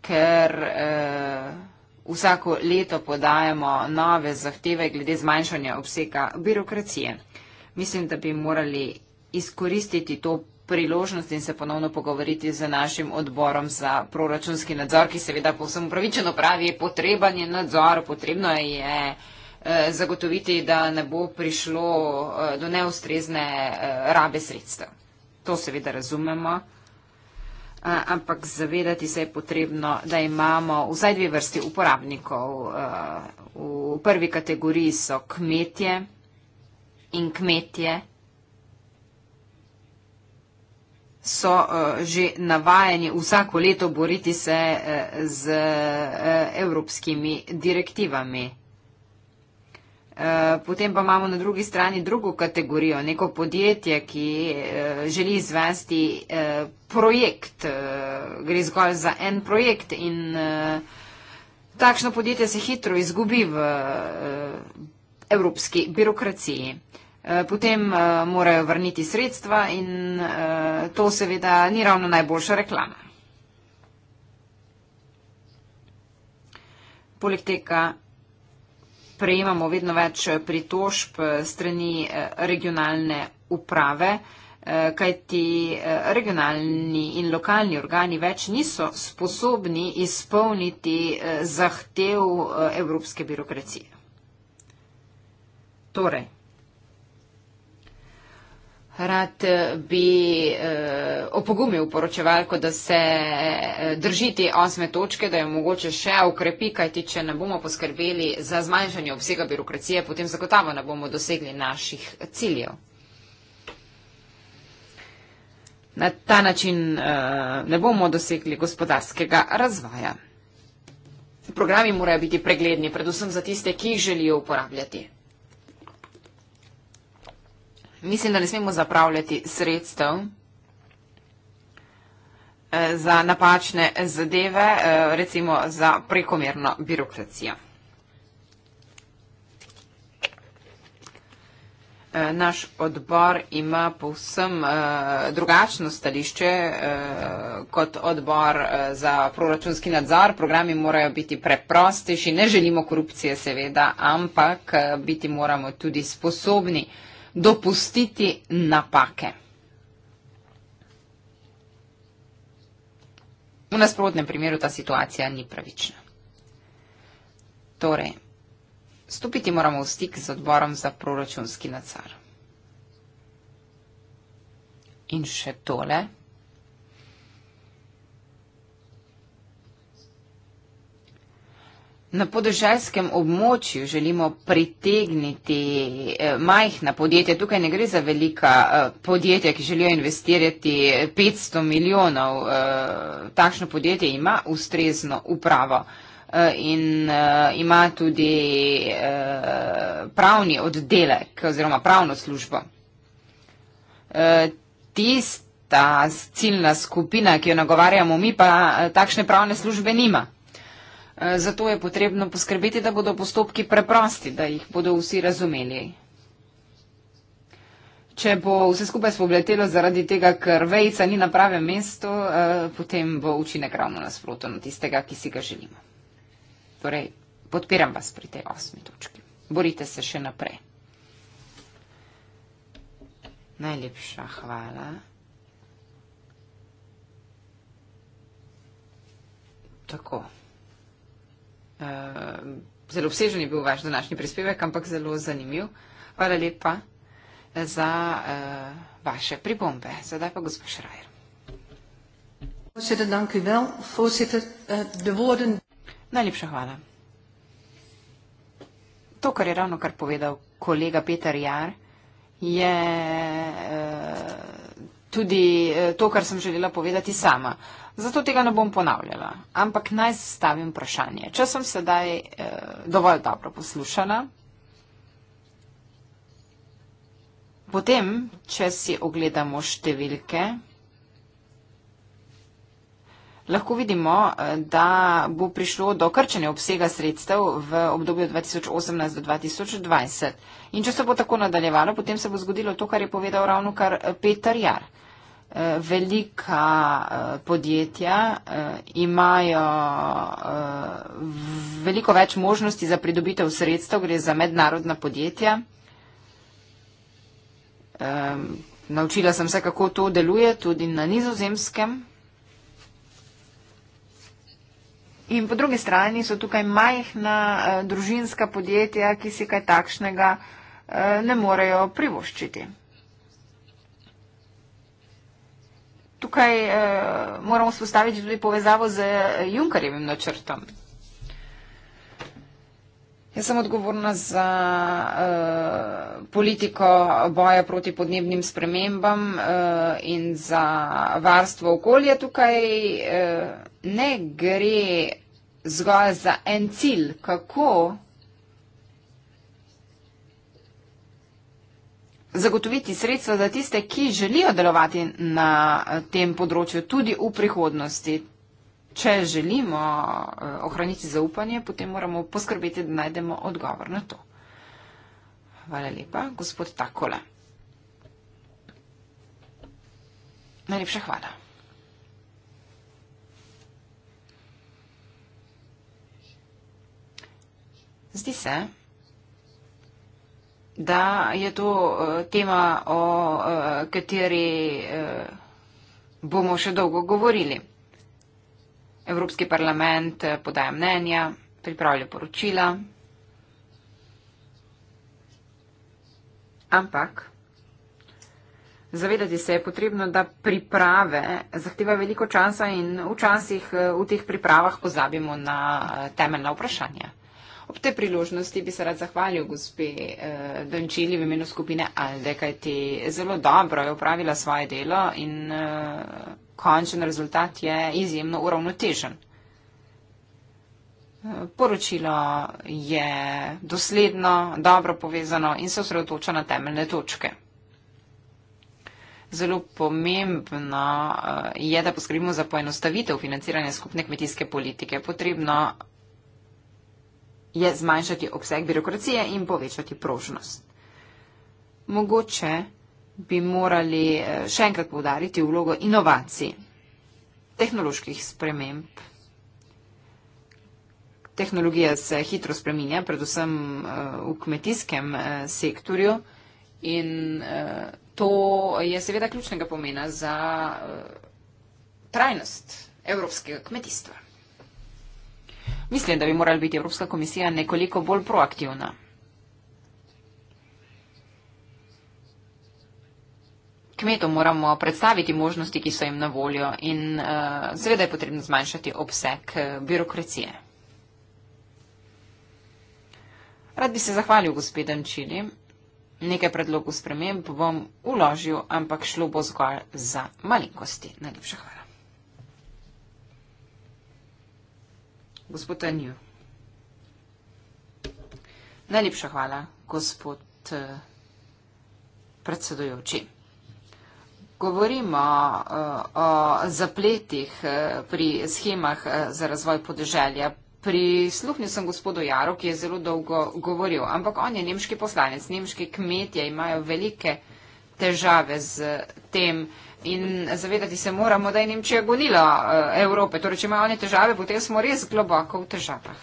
ker vsako leto podajamo nove zahteve glede zmanjšanja obsega birokracije. Mislim, da bi morali izkoristiti to priložnost in se ponovno pogovoriti z našim odborom za proračunski nadzor, ki seveda povsem upravičeno pravi, je potreben je nadzor, potrebno je uh, Eh, zagotoviti, da ne bo prišlo eh, do neustrezne eh, rabe sredstev. To seveda razumemo, ampak zavedati se je potrebno, da imamo vsaj dve vrsti uporabnikov. V prvi kategoriji so kmetje in kmetje so že navajeni vsako leto boriti se z evropskimi direktivami. Eh, potem pa imamo na drugi strani drugo kategorijo, neko podjetje, ki eh, želi izvesti eh, projekt, gre zgolj za en projekt in takšno podjetje se hitro izgubi v evropski birokraciji. Potem morajo vrniti sredstva in to seveda ni ravno najboljša reklama. Poleg tega prejemamo vedno več eh, pritožb eh, strani eh, regionalne uprave, kaj ti regionalni in lokalni organi več niso sposobni izpolniti zahtev evropske birokracije. Torej, Rad eh, bi eh, opogumil poročevalko, da se eh, držite osme točke, da jo mogoče še ukrepi, kajti če ne bomo poskrbeli za zmanjšanje obsega birokracije, potem zagotovo ne bomo dosegli naših ciljev. Na ta način eh, ne bomo dosegli gospodarskega razvoja. Programi morajo biti pregledni, predvsem za tiste, ki jih želijo uporabljati mislim, da ne smemo zapravljati sredstev eh, za napačne zadeve, eh, recimo za prekomerno birokracijo. Eh, naš odbor ima povsem drugačno stališče kot odbor za proračunski nadzor. Programi morajo biti preprostejši, ne želimo korupcije seveda, ampak biti moramo tudi sposobni dopustiti napake. V nasprotnem primeru ta situacija ni pravična. Torej, stopiti moramo v stik z odborom za proračunski nadzor. In še tole. Na podeželskem območju želimo pritegniti eh, majhna podjetja. Tukaj ne gre za velika eh, podjetja, ki želijo investirati 500 milijonov. Eh, takšno podjetje ima ustrezno upravo in ima tudi pravni oddelek oziroma pravno službo. Tista ciljna skupina, ki jo nagovarjamo mi, pa takšne pravne službe nima. Zato je potrebno poskrbeti, da bodo postopki preprosti, da jih bodo vsi razumeli. Če bo vse skupaj spobletelo zaradi tega, ker vejca ni na pravem mestu, eh, potem bo učinek ravno nasproten od tistega, ki si ga želimo. Torej, podpiram vas pri tej osmi točki. Borite se še naprej. Najlepša hvala. Tako. Eh, zelo obsežen je bil vaš današnji prispevek, ampak zelo zanimiv. Hvala lepa za uh, vaše pripombe. Zdaj pa gospod Šrajer. Eh, Najlepša hvala. To, kar je ravno kar povedal kolega Peter Jar, je. Uh, tudi eh, to, kar sem želela povedati sama. Zato tega ne bom ponavljala, ampak naj stavim vprašanje. Če sem sedaj eh, dovolj dobro poslušana, potem, če si ogledamo številke, lahko vidimo, eh, da bo prišlo do krčenja obsega sredstev v obdobju 2018 do 2020. In če se bo tako nadaljevalo, potem se bo zgodilo to, kar je povedal ravno kar eh, Peter Jar. Eh, velika podjetja imajo veliko več možnosti za pridobitev sredstev, gre za mednarodna podjetja. Naučila sem se, kako to deluje tudi na nizozemskem. In po drugi strani so tukaj majhna eh, družinska podjetja, ki si kaj takšnega eh, ne morejo privoščiti. Tukaj eh, moramo spostaviti tudi povezavo z Junkarjevim načrtom. Jaz sem odgovorna za uh, politiko boja proti podnebnim spremembam uh, in za varstvo okolja. Tukaj uh, ne gre zgolj za en cilj, kako zagotoviti sredstva za tiste, ki želijo delovati na tem področju tudi v prihodnosti če želimo eh, ohraniti zaupanje, potem moramo poskrbeti, da najdemo odgovor na to. Hvala lepa, gospod Takole. Najlepša hvala. Zdi se, da je to eh, tema, o eh, kateri bomo še dolgo govorili. Evropski parlament eh, podaja mnenja, pripravlja poročila. Ampak zavedati se je potrebno, da priprave zahteva veliko časa in včasih eh, v teh pripravah pozabimo na eh, temeljna vprašanja. Ob te priložnosti bi se rad zahvalil gospe Dončili v imenu skupine Alde, kajti zelo dobro je upravila svoje delo in končen rezultat je izjemno uravnotežen. Poročilo je dosledno, dobro povezano in se osredotoča na temeljne točke. Zelo pomembno eh, je, da poskrbimo za poenostavitev financiranja skupne kmetijske politike. Potrebno je zmanjšati obseg birokracije in povečati prožnost. Mogoče bi morali eh, še enkrat povdariti vlogo inovacij, tehnoloških sprememb. Tehnologija se hitro spreminja, predvsem eh, v kmetijskem eh, sektorju in to je seveda ključnega pomena za trajnost evropskega kmetijstva. Mislim, da bi morala biti Evropska komisija nekoliko bolj proaktivna. kmetom moramo predstaviti možnosti, ki so jim na voljo in uh, eh, zveda je potrebno zmanjšati obseg eh, birokracije. Rad bi se zahvalil gospedan Čili. Nekaj predlogov sprememb bom uložil, ampak šlo bo zgolj za malinkosti. Najlepša hvala. Gospod Anju. Najlepša hvala, gospod eh, predsedujoči govorimo eh, o zapletih eh, pri schemah eh, za razvoj podeželja. Prisluhnil sem gospodu Jaru, ki je zelo dolgo govoril, ampak on je nemški poslanec. Nemški kmetje imajo velike težave z tem in zavedati se moramo, da je Nemčija gonila Evrope. Torej, če imajo oni težave, potem smo res globoko v težavah.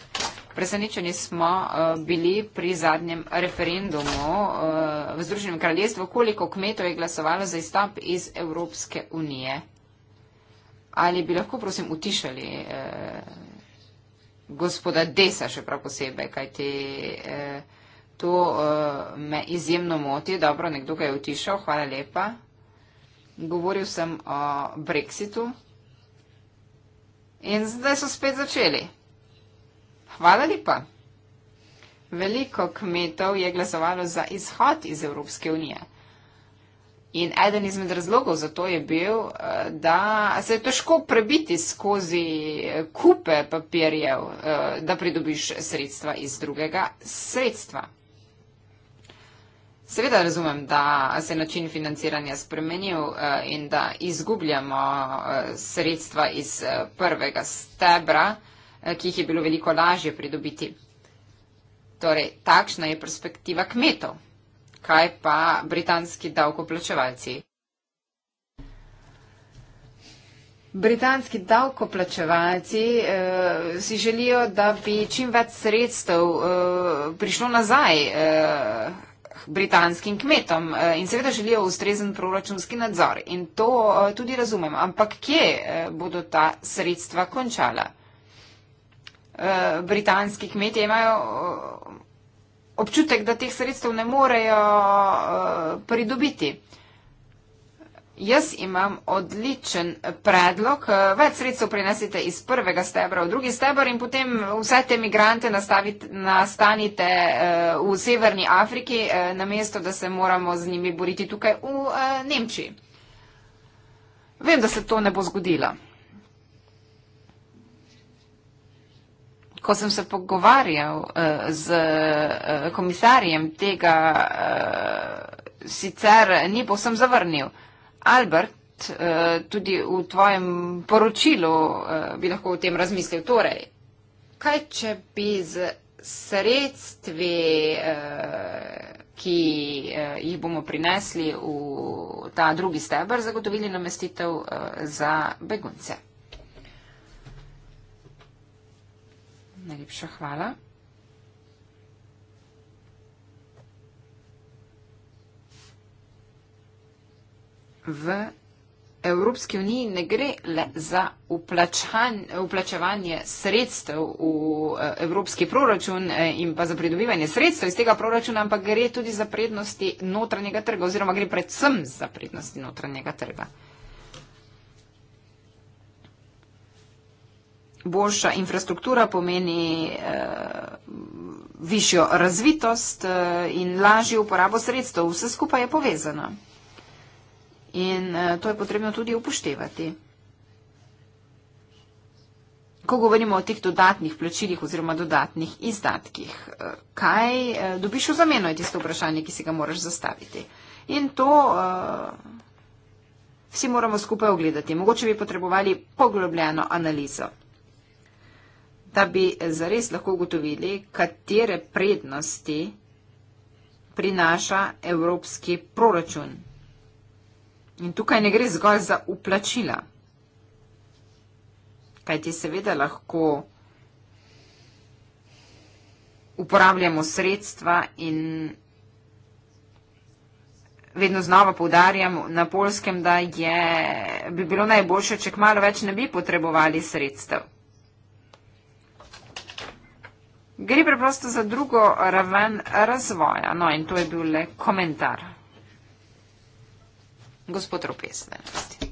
Presenečeni smo eh, bili pri zadnjem referendumu eh, v Združenem kraljestvu, koliko kmetov je glasovalo za izstop iz Evropske unije. Ali bi lahko, prosim, utišali eh, gospoda Desa še prav posebej, kajti to me izjemno moti. Dobro, nekdo ga je utišal, hvala lepa. Govoril sem o Brexitu. In zdaj so spet začeli. Hvala lepa. Veliko kmetov je glasovalo za izhod iz Evropske unije. In eden izmed razlogov za to je bil, eh, da se je težko prebiti skozi eh, kupe papirjev, eh, da pridobiš sredstva iz drugega sredstva. Seveda razumem, da se je način financiranja spremenil in da izgubljamo sredstva iz prvega stebra. Eh, ki jih je bilo veliko lažje pridobiti. Torej, takšna je perspektiva kmetov. Kaj pa britanski davkoplačevalci? Britanski davkoplačevalci eh, si želijo, da bi čim več sredstev eh, prišlo nazaj eh, britanskim kmetom eh, in seveda želijo ustrezen proračunski nadzor. In to eh, tudi razumem. Ampak kje eh, bodo ta sredstva končala? Eh, britanski kmetje imajo eh, občutek, da teh sredstev ne morejo eh, pridobiti. Jaz imam odličen predlog, več sredstev prenesite iz prvega stebra v drugi stebr in potem vse te migrante nastanite v Severni Afriki, namesto da se moramo z njimi boriti tukaj v Nemčiji. Vem, da se to ne bo zgodilo. ko sem se pogovarjal uh, z uh, komisarjem, tega uh, sicer ni povsem zavrnil. Albert, uh, tudi v tvojem poročilu uh, bi lahko o tem razmislil. Torej, kaj če bi z sredstvi, uh, ki uh, jih bomo prinesli v ta drugi stebr, zagotovili namestitev uh, za begunce? Najlepša hvala. V Evropski uniji ne gre le za uplačevanje sredstev v eh, evropski proračun eh, in pa za pridobivanje sredstev iz tega proračuna, ampak gre tudi za prednosti notranjega trga oziroma gre predvsem za prednosti notranjega trga. boljša infrastruktura pomeni eh, višjo razvitost eh, in lažjo uporabo sredstev. Vse skupaj je povezano. In eh, to je potrebno tudi upoštevati. Ko govorimo o teh dodatnih plačilih oziroma dodatnih izdatkih, eh, kaj eh, dobiš v zameno, je tisto vprašanje, ki si ga moraš zastaviti. In to uh, vsi moramo skupaj ogledati. Mogoče bi potrebovali poglobljeno analizo da bi zares lahko ugotovili, katere prednosti prinaša evropski proračun. In tukaj ne gre zgolj za uplačila, kajti seveda lahko uporabljamo sredstva in vedno znova povdarjam na polskem, da je, bi bilo najboljše, če k malo več ne bi potrebovali sredstev. Gre preprosto za drugo raven razvoja. No in to je bil le komentar. Gospod Ropes, danes.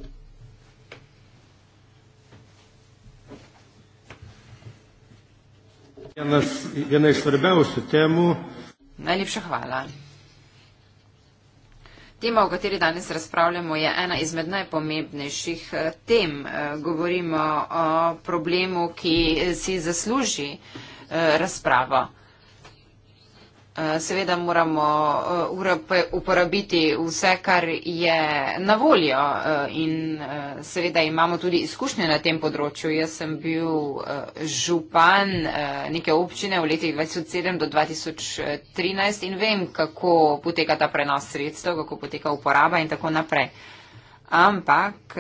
Je ja, ja, naj svrbel se temu. Najlepša hvala. Tema, o kateri danes razpravljamo, je ena izmed najpomembnejših eh, tem. Eh, govorimo o problemu, ki si zasluži. Eh, razpravo. Eh, seveda moramo eh, uporabiti vse, kar je na voljo in seveda imamo tudi izkušnje na tem področju. Jaz sem bil župan neke občine v letih 2007 do 2013 in vem, kako poteka ta prenos sredstev, kako poteka uporaba in tako naprej. Ampak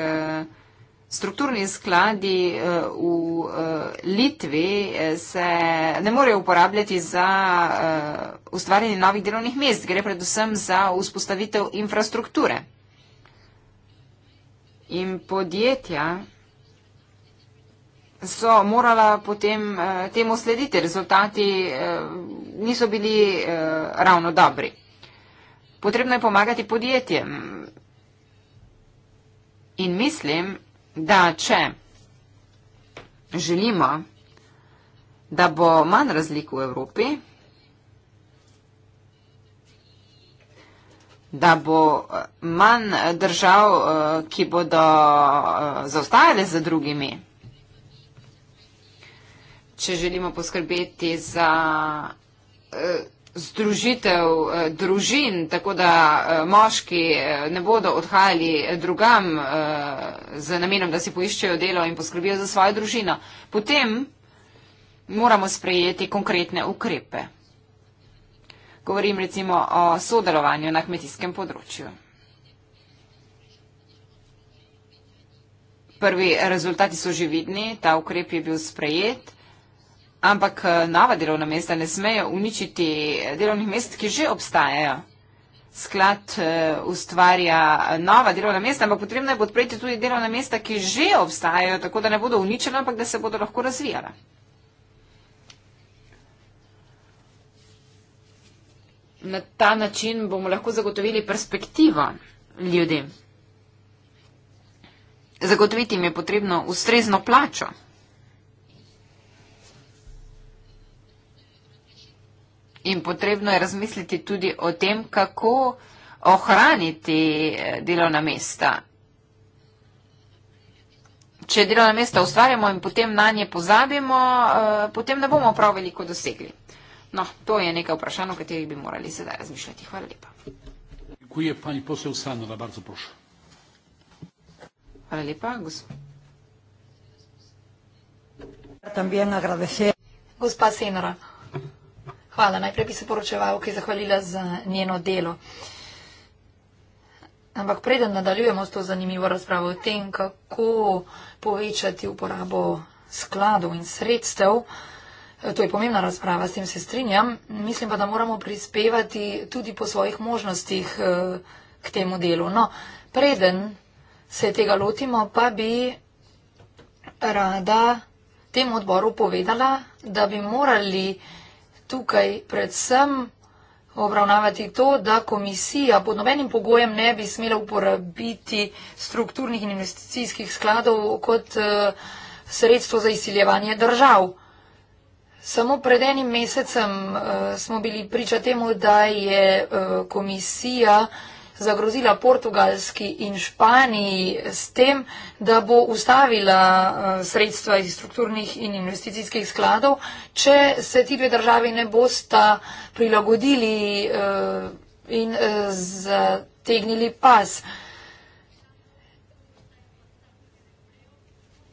strukturni skladi eh, v eh, Litvi eh, se ne morejo uporabljati za ustvarjanje novih delovnih mest, gre predvsem za vzpostavitev infrastrukture. In podjetja so morala potem temu slediti, rezultati niso bili ravno dobri. Potrebno je pomagati podjetjem. In mislim, da če želimo, da bo manj razlik v Evropi, da bo eh, manj eh, držav, eh, ki bodo zaostajale za drugimi, če želimo poskrbeti za združitev eh, družin, tako da eh, moški eh, ne bodo odhajali drugam z namenom, da si poiščejo delo in poskrbijo za svojo družino, potem moramo sprejeti konkretne ukrepe. Govorim recimo o sodelovanju na kmetijskem področju. Prvi rezultati so že vidni, ta ukrep je bil sprejet ampak eh, nova delovna mesta ne smejo uničiti delovnih mest, ki že obstajajo. Sklad eh, ustvarja eh, nova delovna mesta, ampak potrebno je podpreti tudi delovna mesta, ki že obstajajo, tako da ne bodo uničena, ampak da se bodo lahko razvijala. Na ta način bomo lahko zagotovili perspektivo ljudi. Zagotoviti jim je potrebno ustrezno plačo. in potrebno je razmisliti tudi o tem, kako ohraniti eh, delovna mesta. Če delovna mesta ustvarjamo in potem na nje pozabimo, eh, potem ne bomo prav veliko dosegli. No, to je nekaj vprašanj, o katerih bi morali sedaj razmišljati. Hvala lepa. Hvala lepa, gospod Sanna, da bardzo prošu. Hvala lepa, gospod. Gospa Senora. Hvala. Najprej bi se poročevalki zahvalila za njeno delo. Ampak preden nadaljujemo s to zanimivo razpravo o tem, kako povečati uporabo skladov in sredstev, to je pomembna razprava, s tem se strinjam, mislim pa, da moramo prispevati tudi po svojih možnostih eh, k temu delu. No, preden se tega lotimo, pa bi rada temu odboru povedala, da bi morali tukaj predvsem obravnavati to, da komisija pod nobenim pogojem ne bi smela uporabiti strukturnih in investicijskih skladov kot eh, sredstvo za izsiljevanje držav. Samo pred enim mesecem eh, smo bili priča temu, da je eh, komisija zagrozila Portugalski in Španiji s tem, da bo ustavila eh, sredstva iz strukturnih in investicijskih skladov, če se ti dve državi ne bosta prilagodili eh, in eh, zategnili pas.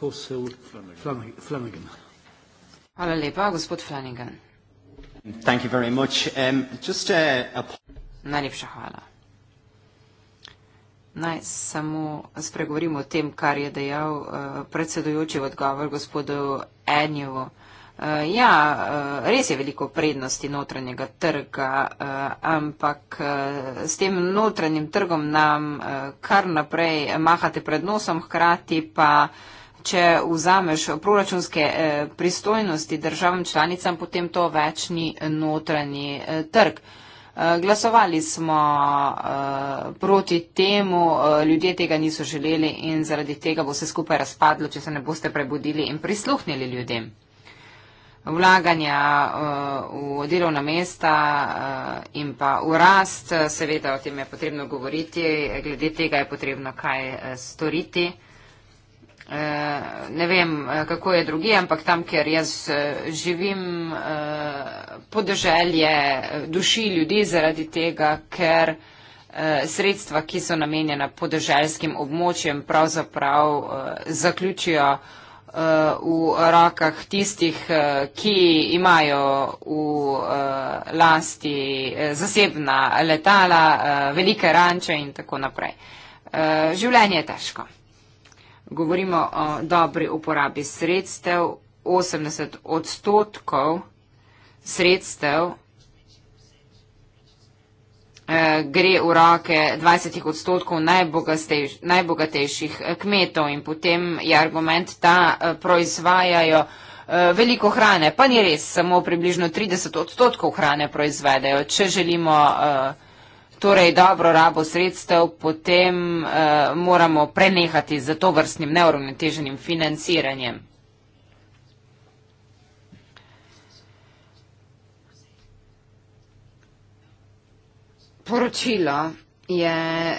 posel Flanagan. Flanagan. Hvala lepa, gospod Flanagan. Thank you very much. Um, just a, a... Najlepša hvala. Naj samo spregovorim o tem, kar je dejal uh, predsedujoči v odgovor gospodu Enjevu. Uh, ja, uh, res je veliko prednosti notranjega trga, uh, ampak uh, s tem notranjim trgom nam uh, kar naprej mahate pred nosom, hkrati pa uh, če vzameš proračunske eh, pristojnosti državam članicam, potem to več ni notranji eh, trg. Eh, glasovali smo proti temu, ljudje tega niso želeli in zaradi tega bo se skupaj razpadlo, če se ne boste prebudili in prisluhnili ljudem. Vlaganja v delovna mesta in pa v rast, seveda o tem je potrebno govoriti, glede tega je potrebno kaj storiti. Eh, ne vem, eh, kako je drugi, ampak tam, kjer jaz eh, živim, podeželje duši ljudi zaradi tega, ker sredstva, ki so namenjena podeželskim območjem, pravzaprav zaključijo v rokah tistih, ki imajo v lasti zasebna letala, velike ranče in tako naprej. Življenje je težko govorimo o dobri uporabi sredstev, 80 odstotkov sredstev eh, gre v roke 20 odstotkov najbogatejših eh, kmetov in potem je argument, da eh, proizvajajo veliko hrane. Pa ni res, samo približno 30 odstotkov hrane proizvedejo, če želimo proizvajati torej dobro rabo sredstev, potem uh, moramo prenehati z to vrstnim neuravnoteženim financiranjem. Poročilo je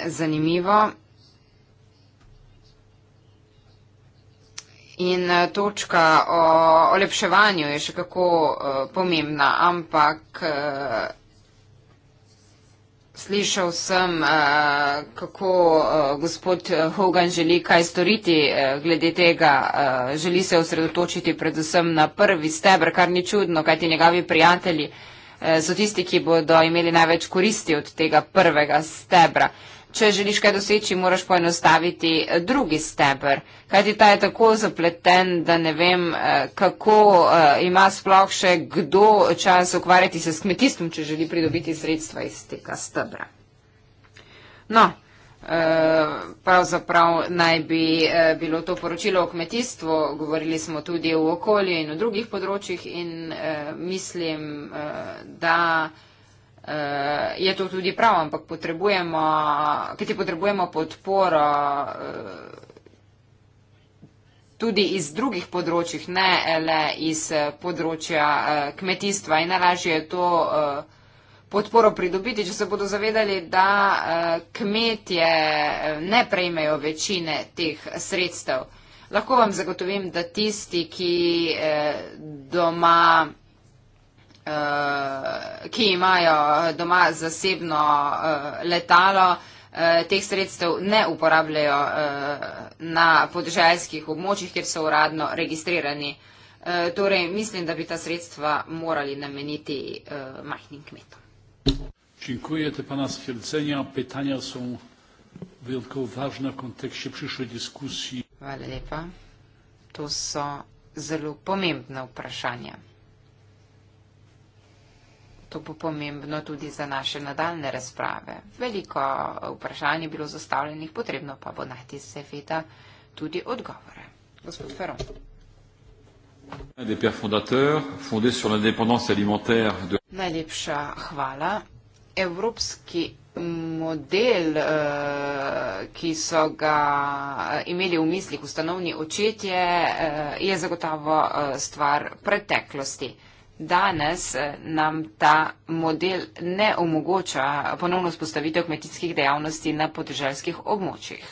zanimivo in eh, točka o olepševanju je še kako uh, pomembna, ampak uh, Slišal sem, eh, kako eh, gospod Hogan želi kaj storiti eh, glede tega. Želi se osredotočiti predvsem na prvi stebr, kar ni čudno, kajti njegovi prijatelji so tisti, ki bodo imeli največ koristi od tega prvega stebra če želiš kaj doseči, moraš poenostaviti eh, drugi steber. Kajti ta je tako zapleten, da ne vem, eh, kako eh, ima sploh še kdo čas ukvarjati se s kmetijstvom, če želi pridobiti sredstva iz tega stebra. No, pravzaprav naj bi bilo to poročilo o kmetijstvu, govorili smo tudi o okolju in o drugih področjih in mislim, da. Uh, je to tudi prav, ampak potrebujemo, kajti potrebujemo podporo uh, tudi iz drugih področjih, ne le iz eh, področja uh, kmetijstva. In najlažje je to uh, podporo pridobiti, če se bodo zavedali, da uh, kmetje ne prejmejo večine teh sredstev. Lahko vam zagotovim, da tisti, ki uh, doma. Eh, ki imajo doma zasebno eh, letalo, eh, teh sredstev ne uporabljajo na podeželjskih območjih, kjer so uradno registrirani. Torej, mislim, da bi ta sredstva morali nameniti majhnim kmetom. Dziękujete pana stwierdzenia. Pytania są wyjątkowo ważne w kontekście przyszłej dyskusji. Hvala lepa. To są zelo pomembne uprašanja. To bo pomembno tudi za naše nadaljne razprave. Veliko vprašanj je bilo zastavljenih, potrebno pa bo najti seveda tudi odgovore. Gospod Ferro. Najlepša hvala. Evropski model, eh, ki so ga eh, imeli v mislih ustanovni očetje, eh, je zagotovo stvar preteklosti danes eh, nam ta model ne omogoča ponovno spostavitev kmetijskih dejavnosti na podeželskih območjih.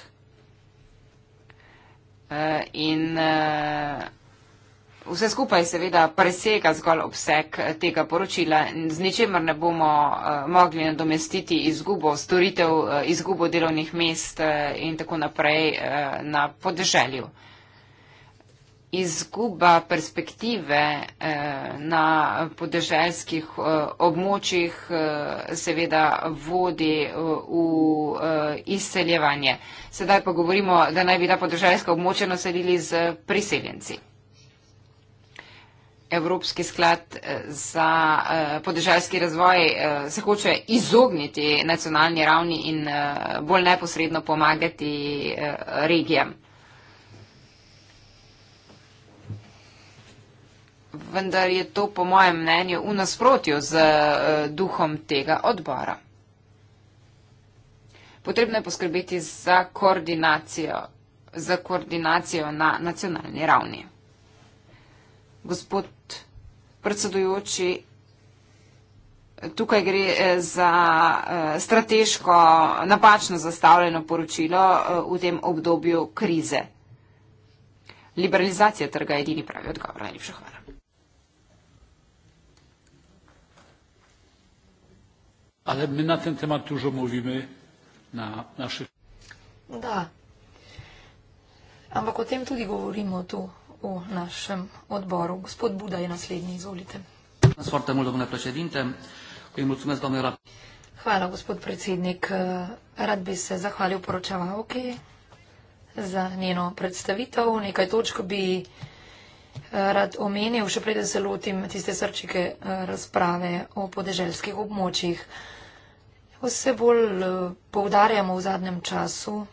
Eh, in eh, vse skupaj seveda presega zgolj obseg tega poročila. Z ničemer ne bomo mogli nadomestiti izgubo storitev, izgubo delovnih mest in tako naprej na podeželju izguba perspektive eh, na podeželskih eh, območjih eh, seveda vodi v izseljevanje. Sedaj pa govorimo, da naj bi ta podeželska območja naselili z priseljenci. Evropski sklad za podeželski razvoj se hoče izogniti nacionalni ravni in bolj neposredno pomagati regijam. vendar je to po mojem mnenju v nasprotju z eh, duhom tega odbora. Potrebno je poskrbeti za koordinacijo, za koordinacijo na nacionalni ravni. Gospod predsedujoči, tukaj gre eh, za eh, strateško napačno zastavljeno poročilo v tem obdobju krize. Liberalizacija trga je edini pravi odgovor. Najlepša hvala. ale my na ten temat dużo mówimy na naszych. Da. Ampak o tem tudi govorimo tu v našem odboru. Gospod Buda je naslednji, izvolite. Hvala, gospod predsednik. Rad bi se zahvalil poročevalki za njeno predstavitev. Nekaj točk bi eh, rad omenil, še preden se lotim tiste srčike eh, razprave o podeželskih območjih vse bolj eh, poudarjamo v zadnjem času.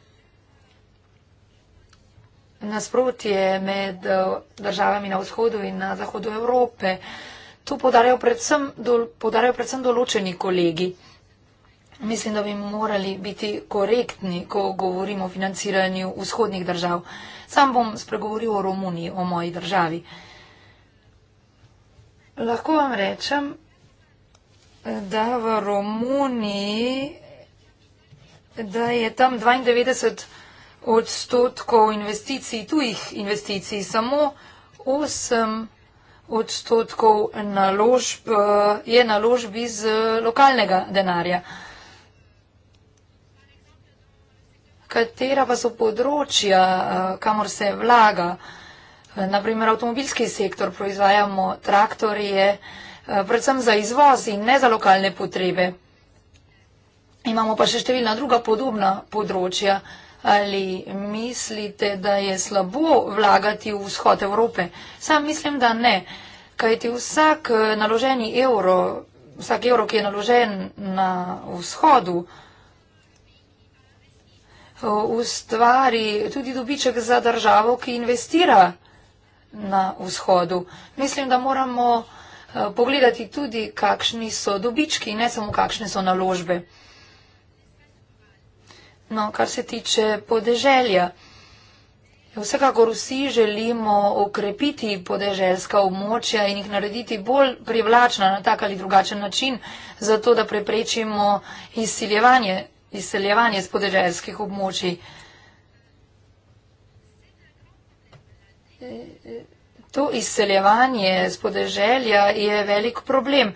Nasprotje med eh, državami na vzhodu in na zahodu Evrope. To podarjajo predvsem, podarjajo predvsem določeni kolegi. Mislim, da bi morali biti korektni, ko govorimo o financiranju vzhodnih držav. Sam bom spregovoril o Romuniji, o moji državi. Lahko vam rečem, da v Romuniji, da je tam 92 odstotkov investicij, tujih investicij, samo 8 odstotkov naložb eh, je naložb iz eh, lokalnega denarja. Katera pa so področja, eh, kamor se vlaga? Naprimer, avtomobilski sektor proizvajamo traktorje, Eh, predvsem za izvoz in ne za lokalne potrebe. Imamo pa še številna druga podobna področja. Ali mislite, da je slabo vlagati v vzhod Evrope? Sam mislim, da ne. Kajti vsak eh, naloženi evro, vsak evro, ki je naložen na vzhodu, eh, ustvari tudi dobiček za državo, ki investira na vzhodu. Mislim, da moramo Eh, pogledati tudi, kakšni so dobički, ne samo kakšne so naložbe. No, kar se tiče podeželja. Vsekakor vsi želimo okrepiti podeželska območja in jih narediti bolj privlačna na tak ali drugačen način, zato da preprečimo izsiljevanje, izsiljevanje z podeželskih območij. To izseljevanje z podeželja je velik problem.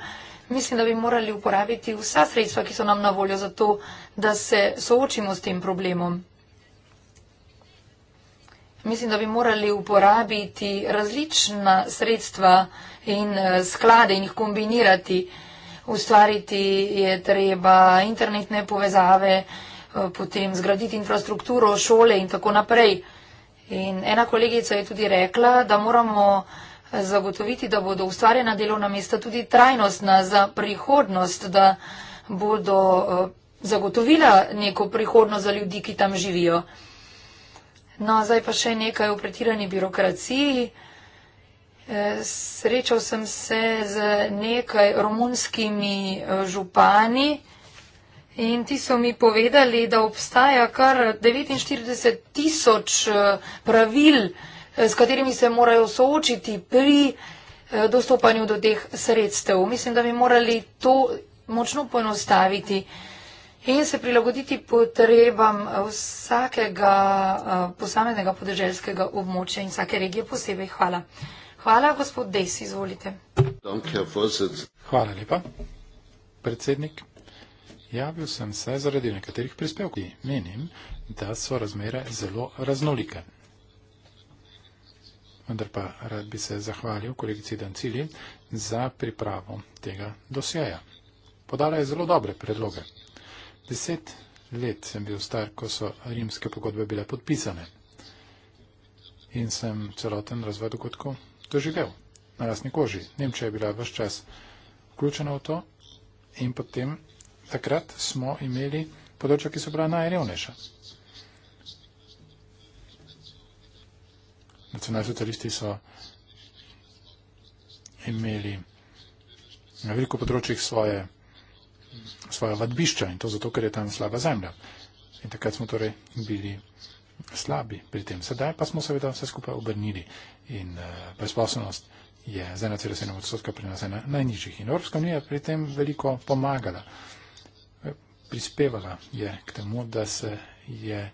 Mislim, da bi morali uporabiti vsa sredstva, ki so nam na voljo za to, da se soočimo s tem problemom. Mislim, da bi morali uporabiti različna sredstva in eh, sklade in jih kombinirati. Ustvariti je treba internetne povezave, eh, potem zgraditi infrastrukturo, šole in tako naprej. In ena kolegica je tudi rekla, da moramo eh, zagotoviti, da bodo ustvarjena delovna mesta tudi trajnostna za prihodnost, da bodo eh, zagotovila neko prihodnost za ljudi, ki tam živijo. No, zdaj pa še nekaj o pretirani birokraciji. Eh, srečal sem se z nekaj romunskimi župani. In ti so mi povedali, da obstaja kar 49 tisoč eh, pravil, eh, s katerimi se morajo soočiti pri eh, dostopanju do teh sredstev. Mislim, da bi morali to močno poenostaviti in se prilagoditi potrebam vsakega posameznega podeželjskega območja in vsake regije posebej. Hvala. Hvala, gospod Dejs, izvolite. Hvala lepa, predsednik. Javil sem se zaradi nekaterih prispevkov. Menim, da so razmere zelo raznolike. Vendar pa rad bi se zahvalil kolegici Dancili za pripravo tega dosjeja. Podala je zelo dobre predloge. Deset let sem bil star, ko so rimske pogodbe bile podpisane. In sem celoten razvoj dogodkov doživel na lastni koži. Nemčija je bila vse čas vključena v to in potem takrat smo imeli področja, ki so bila najrevnejša. Nacionalsocialisti so imeli na veliko področjih svoje, svoje vadbišča in to zato, ker je tam slaba zemlja. In takrat smo torej bili slabi pri tem. Sedaj pa smo seveda vse skupaj obrnili in uh, eh, brezposobnost je za 1,7 odstotka pri nas ena najnižjih. In Evropska unija je pri tem veliko pomagala. Uh, prispevala je k temu, da se je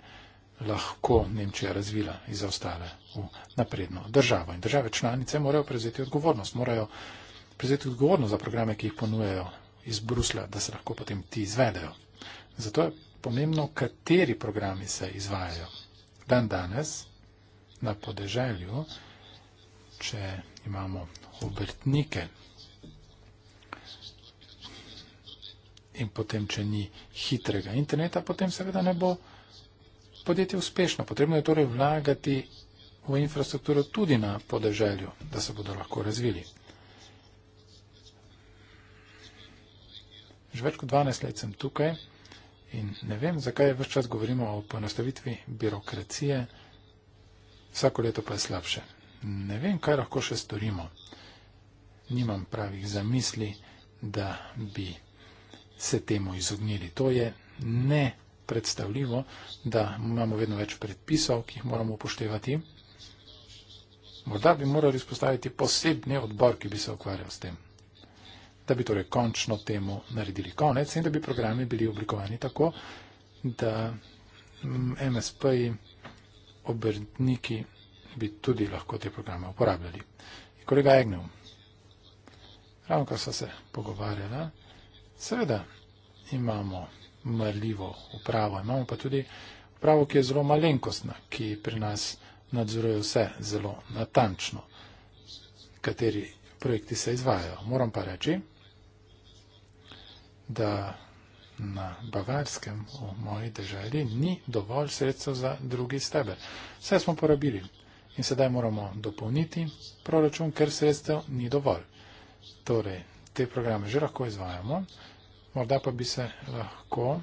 lahko Nemčija razvila iz ostale v napredno državo. In države članice morajo prevzeti odgovornost, morajo prevzeti odgovornost za programe, ki jih ponujejo iz Brusla, da se lahko potem ti izvedejo. Zato je pomembno, kateri programi se izvajajo. Dan danes na podeželju, če imamo obrtnike, in potem, če ni hitrega interneta, potem seveda ne bo podjetje uspešno. Potrebno je torej vlagati v infrastrukturo tudi na podeželju, da se bodo lahko razvili. Že več kot 12 let sem tukaj in ne vem, zakaj vse čas govorimo o poenostavitvi birokracije, vsako leto pa je slabše. Ne vem, kaj lahko še storimo. Nimam pravih zamisli, da bi se temu izognili. To je ne predstavljivo, da imamo vedno več predpisov, ki jih moramo upoštevati. Morda bi morali spostaviti posebni odbor, ki bi se ukvarjal s tem, da bi torej končno temu naredili konec in da bi programi bili oblikovani tako, da MSP-ji, mm, obrtniki bi tudi lahko te programe uporabljali. Kolega Egnum, ravno kar sem se pogovarjala, Seveda imamo mrljivo upravo, imamo pa tudi upravo, ki je zelo malenkostna, ki pri nas nadzoruje vse zelo natančno, kateri projekti se izvajajo. Moram pa reči, da na Bavarskem, v moji državi, ni dovolj sredstev za drugi steber. Vse smo porabili in sedaj moramo dopolniti proračun, ker sredstev ni dovolj. Torej, te programe že lahko izvajamo, morda pa bi se lahko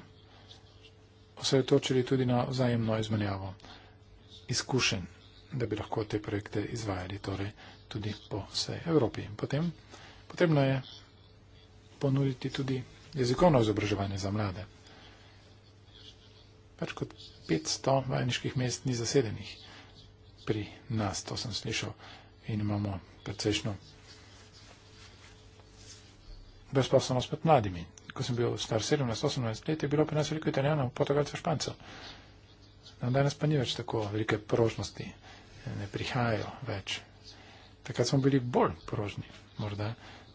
osredotočili tudi na vzajemno izmenjavo izkušenj, da bi lahko te projekte izvajali torej, tudi po vsej Evropi. Potem, potrebno je ponuditi tudi jezikovno izobraževanje za mlade. Več kot 500 vajniških mest ni zasedenih pri nas, to sem slišal, in imamo precejšno brezposobnost med mladimi. Ko sem bil star 17-18 let, je bilo pri nas veliko italijanov, portugalcev, špancev. No, danes pa ni več tako velike porožnosti, ne prihajajo več. Takrat smo bili bolj porožni. Morda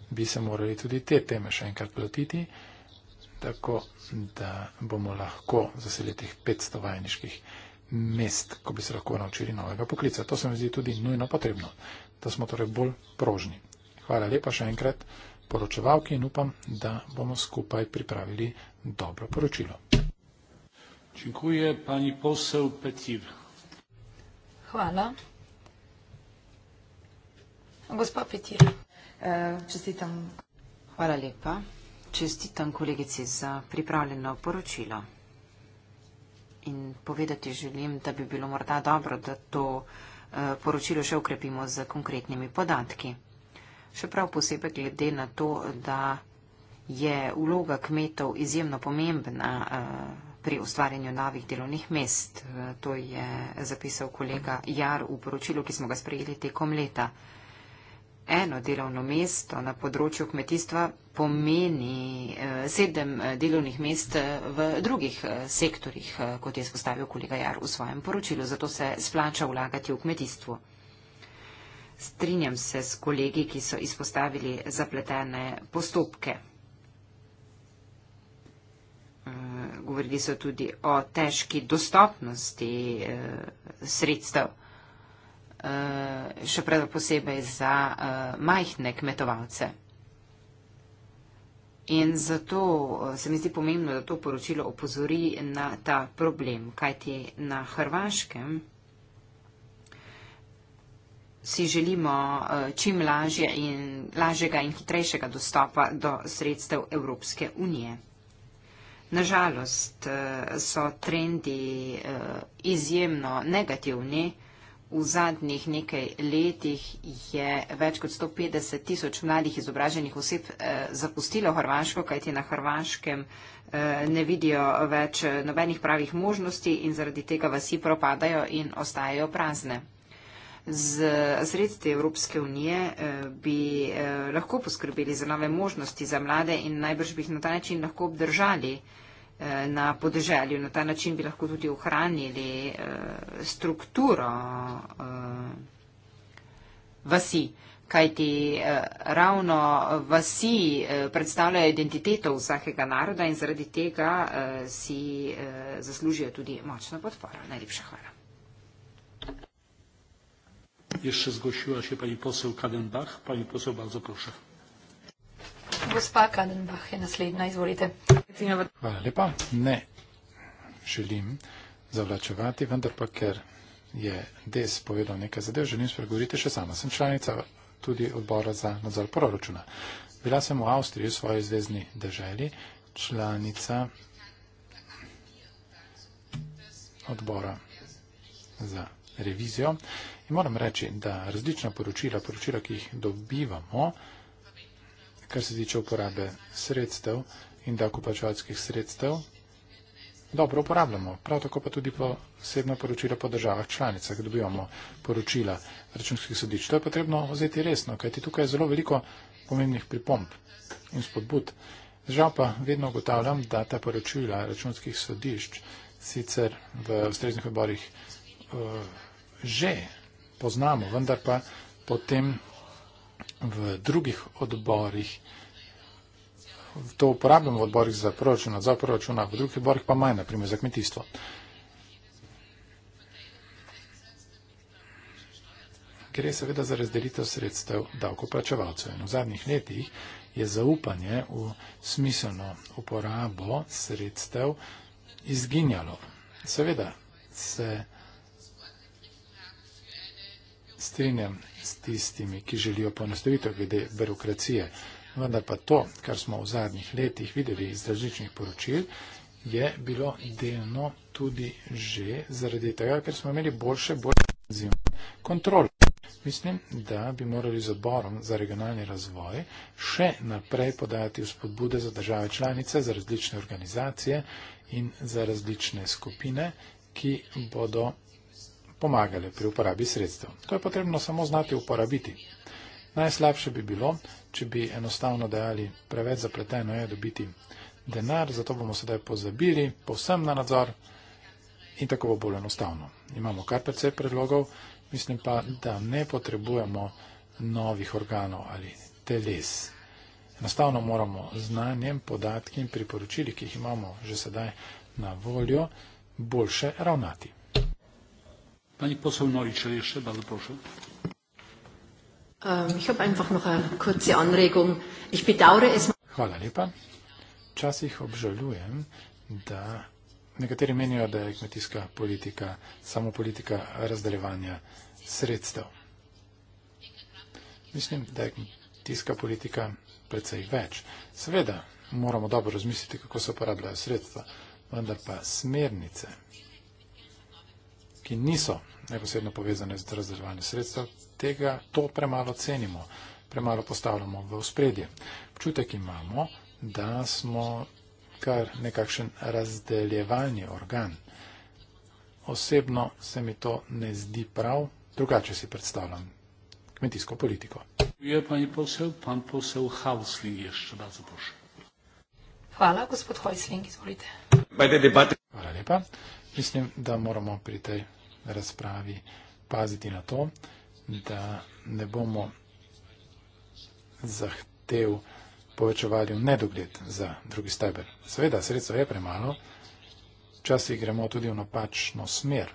bi se morali tudi te teme še enkrat lotiti, tako da bomo lahko zaselili teh 500 vajniških mest, ko bi se lahko naučili novega poklica. To se mi zdi tudi nujno potrebno, da smo torej bolj prožni. Hvala lepa še enkrat poročevalki in upam, da bomo skupaj pripravili dobro poročilo. Čekuje pani posel Petir. Hvala. Gospa Petir, e, čestitam. Hvala lepa. Čestitam kolegici za pripravljeno poročilo. In povedati želim, da bi bilo morda dobro, da to e, poročilo še ukrepimo z konkretnimi podatki še prav posebej glede na to, da je vloga kmetov izjemno pomembna eh, pri ustvarjanju novih delovnih mest. Eh, to je zapisal kolega Jar v poročilu, ki smo ga sprejeli tekom leta. Eno delovno mesto na področju kmetijstva pomeni eh, sedem delovnih mest v drugih sektorjih, kot je spostavil kolega Jar v svojem poročilu. Zato se splača vlagati v kmetijstvo. Strinjam se s kolegi, ki so izpostavili zapletene postopke. Eh, govorili so tudi o težki dostopnosti eh, sredstev, eh, še predvsem posebej za majhne kmetovalce. In zato se mi zdi pomembno, da to poročilo opozori na ta problem, kajti na Hrvaškem si želimo eh, čim lažje in lažjega in hitrejšega dostopa do sredstev Evropske unije. Nažalost eh, so trendi eh, izjemno negativni. V zadnjih nekaj letih je več kot 150 tisoč mladih izobraženih oseb zapustilo Hrvaško, kajti na Hrvaškem ne vidijo več nobenih pravih možnosti in zaradi tega vasi propadajo in ostajajo prazne z sredstvi Evropske unije eh, bi eh, lahko poskrbeli za nove možnosti za mlade in najbrž bi jih na ta način lahko obdržali eh, na podeželju. Na ta način bi lahko tudi ohranili strukturo vasi, kajti ravno vasi predstavljajo identiteto vsakega naroda in zaradi tega si zaslužijo tudi močno podporo. Najlepša hvala. Jeszcze zgłosiła się pani poseł Kadenbach. Pani poseł, bardzo proszę. Gospa Kadenbach je naslednja, izvolite. Hvala lepa. Ne želim zavlačevati, vendar pa ker je DES povedal nekaj zadev, želim spregovoriti še sama. Sem članica tudi odbora za nadzor proračuna. Bila sem v Avstriji, v svoji zvezdni državi, članica odbora za nadzor proračuna revizijo. In moram reči, da različna poročila, poročila, ki jih dobivamo, kar se tiče uporabe sredstev in dakopačevalskih sredstev, dobro uporabljamo. Prav tako pa tudi posebno poročila po državah članicah, dobivamo poročila računskih sodič. To je potrebno vzeti resno, kajti tukaj je zelo veliko pomembnih pripomb in spodbud. Žal pa vedno ugotavljam, da ta poročila računskih sodišč sicer v ustreznih odborih uh, že poznamo, vendar pa potem v drugih odborih, to uporabljamo v odborih za proračun, za proračuna, v drugih odborih pa manj, naprimer za kmetijstvo. Gre seveda za razdelitev sredstev davkoplačevalcev. In v zadnjih letih je zaupanje v smiselno uporabo sredstev izginjalo. Seveda se strinjam s tistimi, ki želijo ponastavitev glede birokracije. Vendar pa to, kar smo v zadnjih letih videli iz različnih poročil, je bilo delno tudi že zaradi tega, ker smo imeli boljše, bolj intenzivne kontrole. Mislim, da bi morali z oborom za regionalni razvoj še naprej podajati vzpodbude za države članice, za različne organizacije in za različne skupine, ki bodo pomagale pri uporabi sredstev. To je potrebno samo znati uporabiti. Najslabše bi bilo, če bi enostavno dejali preveč zapleteno je dobiti denar, zato bomo sedaj pozabili povsem na nadzor in tako bo bolj enostavno. Imamo kar precej predlogov, mislim pa, da ne potrebujemo novih organov ali teles. Enostavno moramo znanjem, podatki in priporočili, ki jih imamo že sedaj na voljo, boljše ravnati. Pani poseł Neutscher jeszcze, bardzo proszę. Ähm, ich habe einfach noch eine kurze Anregung. Ich bedauere es. Hvala lepa. Čas jih obžalujem, da nekateri menijo, da je kmetijska politika samo politika razdeljevanja sredstev. Mislim, da je kmetijska politika precej več. Seveda moramo dobro razmisliti, kako se uporabljajo sredstva, vendar pa smernice ki niso neposredno povezane z razdeljevanjem sredstev, tega to premalo cenimo, premalo postavljamo v spredje. Občutek imamo, da smo kar nekakšen razdeljevalni organ. Osebno se mi to ne zdi prav, drugače si predstavljam kmetijsko politiko. Hvala, gospod Hojsling, izvolite. Hvala lepa. Mislim, da moramo pri tej razpravi paziti na to, da ne bomo zahtev povečevali v nedogled za drugi steber. Seveda, sredstva je premalo, včasih gremo tudi v napačno smer,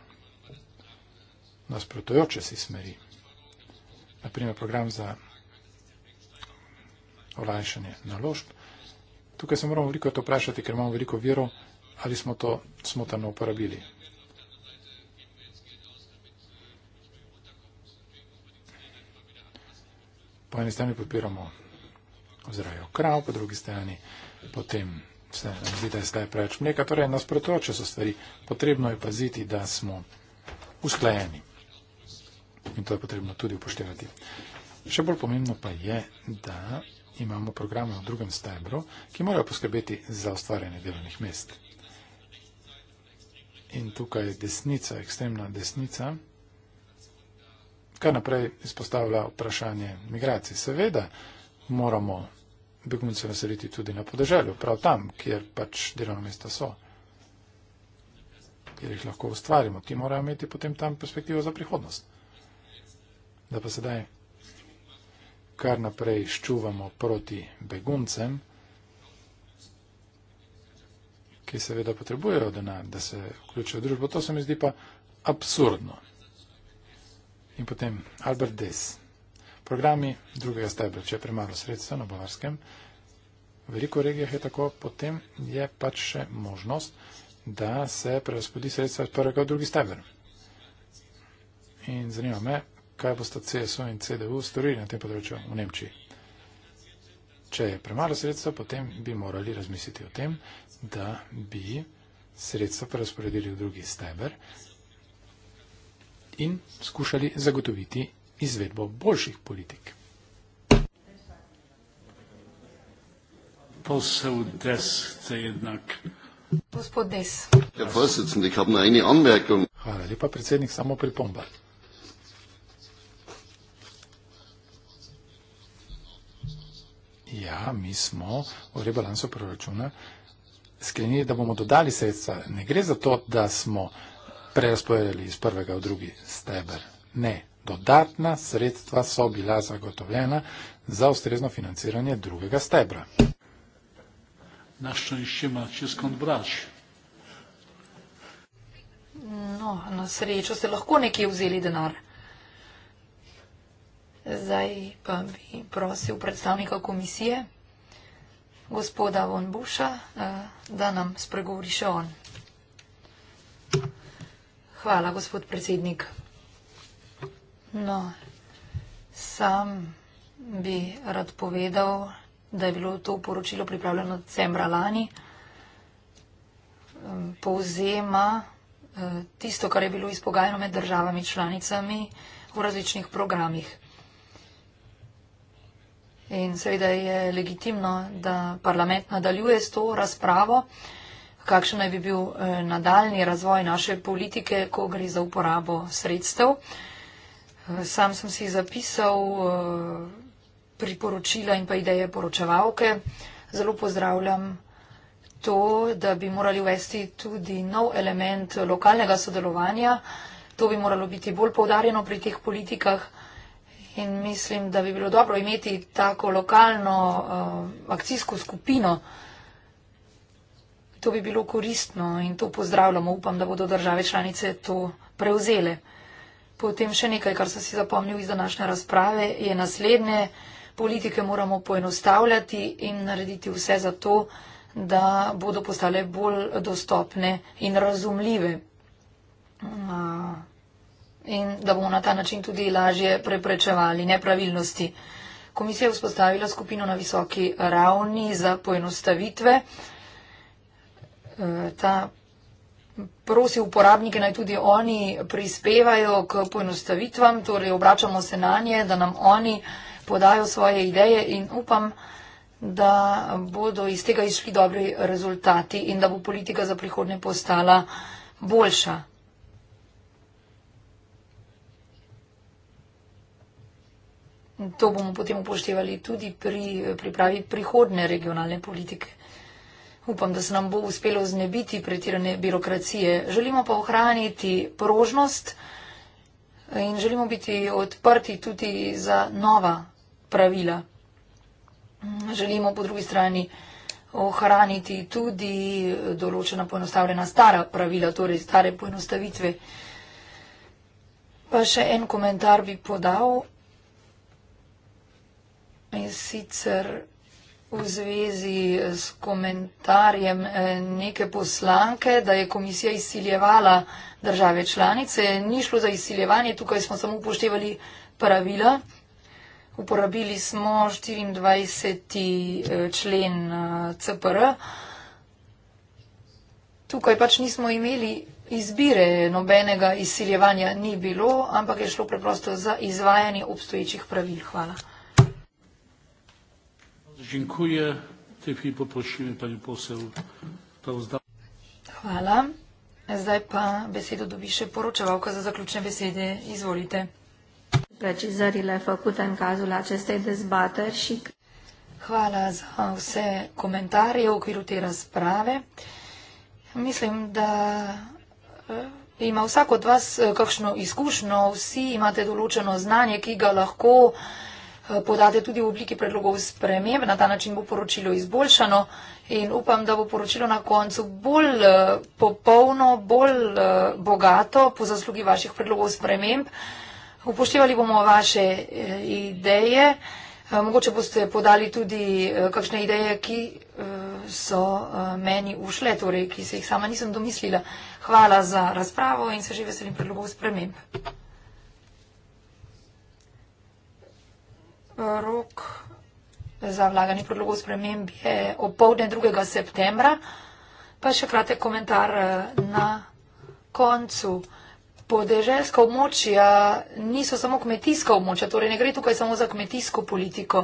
nasprotujoče si smeri. Naprimer, program za olajšanje naložb. Tukaj se moramo veliko to vprašati, ker imamo veliko virov, ali smo to smotrno uporabili. po eni strani podpiramo ozirajo krav, po drugi strani potem se nam zdi, da je zdaj preveč mleka. Torej, nasprotujoče so stvari. Potrebno je paziti, da smo usklajeni. In to je potrebno tudi upoštevati. Še bolj pomembno pa je, da imamo programe v drugem stebru, ki morajo poskrbeti za ustvarjanje delovnih mest. In tukaj desnica, ekstremna desnica, kar naprej izpostavlja vprašanje migracij. Seveda moramo begunce naseliti tudi na podeželju, prav tam, kjer pač delovna mesta so, kjer jih lahko ustvarimo. Ti morajo imeti potem tam perspektivo za prihodnost. Da pa sedaj kar naprej ščuvamo proti beguncem, ki seveda potrebujejo denar, da se vključijo v družbo. To se mi zdi pa absurdno. In potem Albert Dess. Programi drugega stebra, če je premalo sredstva na Bavarskem, v veliko regijah je tako, potem je pač še možnost, da se preraspodi sredstva iz prvega v drugi steber. In zanima me, kaj bosta CSU in CDU storili na tem področju v Nemčiji. Če je premalo sredstva, potem bi morali razmisliti o tem, da bi sredstva prerasporedili v drugi steber in skušali zagotoviti izvedbo boljših politik. Posel deske je enak. Gospod Des. Ja, predsednik, imam na eni anmerkung. Hvala lepa, predsednik, samo pripomba. Ja, mi smo v rebalansu proračuna sklenili, da bomo dodali sredstva. Ne gre za to, da smo prerasporedili iz prvega v drugi steber. Ne, dodatna sredstva so bila zagotovljena za ustrezno financiranje drugega stebra. Na šanšče ima čiskond brač. No, na srečo ste lahko nekje vzeli denar. Zdaj pa bi prosil predstavnika komisije, gospoda Von Buša, eh, da nam spregovori še on. Hvala, gospod predsednik. No, sam bi rad povedal, da je bilo to poročilo pripravljeno decembra lani. Povzema e, tisto, kar je bilo izpogajano med državami članicami v različnih programih. In seveda je legitimno, da parlament nadaljuje s to razpravo kakšen naj bi bil eh, nadaljni razvoj naše politike, ko gre za uporabo sredstev. Eh, sam sem si zapisal eh, priporočila in pa ideje poročevalke. Zelo pozdravljam to, da bi morali uvesti tudi nov element lokalnega sodelovanja. To bi moralo biti bolj povdarjeno pri teh politikah in mislim, da bi bilo dobro imeti tako lokalno uh, akcijsko skupino, uh, To bi bilo koristno in to pozdravljamo. Upam, da bodo države članice to prevzele. Potem še nekaj, kar sem si zapomnil iz današnje razprave, je naslednje. Politike moramo poenostavljati in narediti vse za to, da bodo postale bolj dostopne in razumljive. In da bomo na ta način tudi lažje preprečevali nepravilnosti. Komisija je vzpostavila skupino na visoki ravni za poenostavitve ta prosi uporabnike naj tudi oni prispevajo k poenostavitvam, torej obračamo se na nje, da nam oni podajo svoje ideje in upam, da bodo iz tega išli dobri rezultati in da bo politika za prihodnje postala boljša. To bomo potem upoštevali tudi pri pripravi prihodne regionalne politike. Upam, da se nam bo uspelo znebiti pretirane birokracije. Želimo pa ohraniti prožnost in želimo biti odprti tudi za nova pravila. Želimo po drugi strani ohraniti tudi določena poenostavljena stara pravila, torej stare poenostavitve. Pa še en komentar bi podal. In sicer v zvezi s komentarjem eh, neke poslanke, da je komisija izsiljevala države članice. Ni šlo za izsiljevanje, tukaj smo samo upoštevali pravila. Uporabili smo 24. Eh, člen eh, CPR. Tukaj pač nismo imeli izbire nobenega izsiljevanja, ni bilo, ampak je šlo preprosto za izvajanje obstoječih pravil. Hvala. Hvala. Zdaj pa besedo dobi še poročevalka za zaključne besede. Izvolite. Hvala za vse komentarje v okviru te razprave. Mislim, da eh, ima vsak od vas eh, kakšno izkušnjo, vsi imate določeno znanje, ki ga lahko Eh, podate tudi v obliki predlogov sprememb. Na ta način bo poročilo izboljšano in upam, da bo poročilo na koncu bolj eh, popolno, bolj eh, bogato po zaslugi vaših predlogov sprememb. Upoštevali bomo vaše ideje. Mogoče boste podali tudi kakšne ideje, ki so meni ušle, torej, ki se jih sama nisem domislila. Hvala za razpravo in se že veselim predlogov sprememb. rok za vlaganje predlogov sprememb je opovdne 2. septembra. Pa še kratek komentar eh, na koncu. Podeželjska območja niso samo kmetijska območja, torej ne gre tukaj samo za kmetijsko politiko.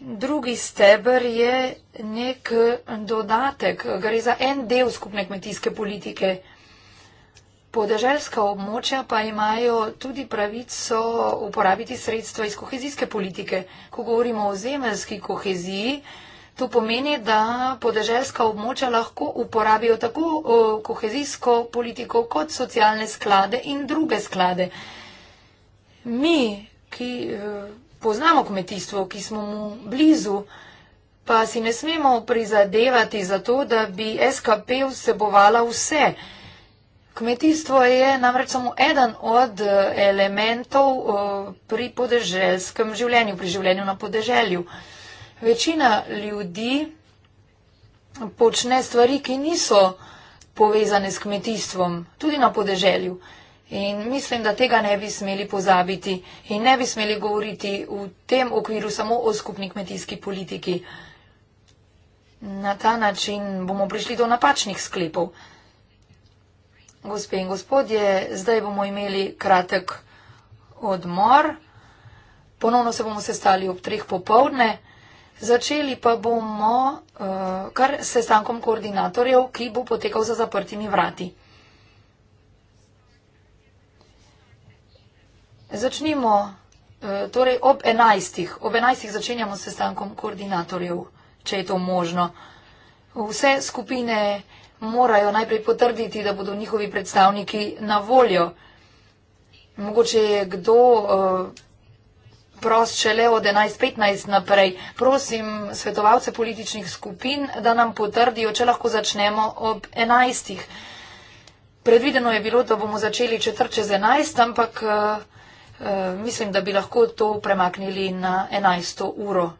Drugi steber je nek dodatek, gre za en del skupne kmetijske politike. Podeželska območja pa imajo tudi pravico uporabiti sredstva iz kohezijske politike. Ko govorimo o zemeljski koheziji, to pomeni, da podeželska območja lahko uporabijo tako kohezijsko politiko kot socialne sklade in druge sklade. Mi, ki eh, poznamo kmetijstvo, ki smo mu blizu, pa si ne smemo prizadevati za to, da bi SKP vsebovala vse. Kmetijstvo je namreč samo eden od eh, elementov eh, pri podeželskem življenju, pri življenju na podeželju. Večina ljudi počne stvari, ki niso povezane s kmetijstvom, tudi na podeželju. In mislim, da tega ne bi smeli pozabiti in ne bi smeli govoriti v tem okviru samo o skupni kmetijski politiki. Na ta način bomo prišli do napačnih sklepov. Gospe in gospodje, zdaj bomo imeli kratek odmor. Ponovno se bomo sestali ob treh popovdne. Začeli pa bomo uh, kar s sestankom koordinatorjev, ki bo potekal za zaprtimi vrati. Začnimo uh, torej ob enajstih. Ob enajstih začenjamo s sestankom koordinatorjev, če je to možno. Vse skupine morajo najprej potrditi, da bodo njihovi predstavniki na voljo. Mogoče je kdo eh, prost šele od 11.15 naprej. Prosim svetovalce političnih skupin, da nam potrdijo, če lahko začnemo ob 11. Predvideno je bilo, da bomo začeli četrt čez 11, ampak uh, uh, mislim, da bi lahko to premaknili na 11. uro.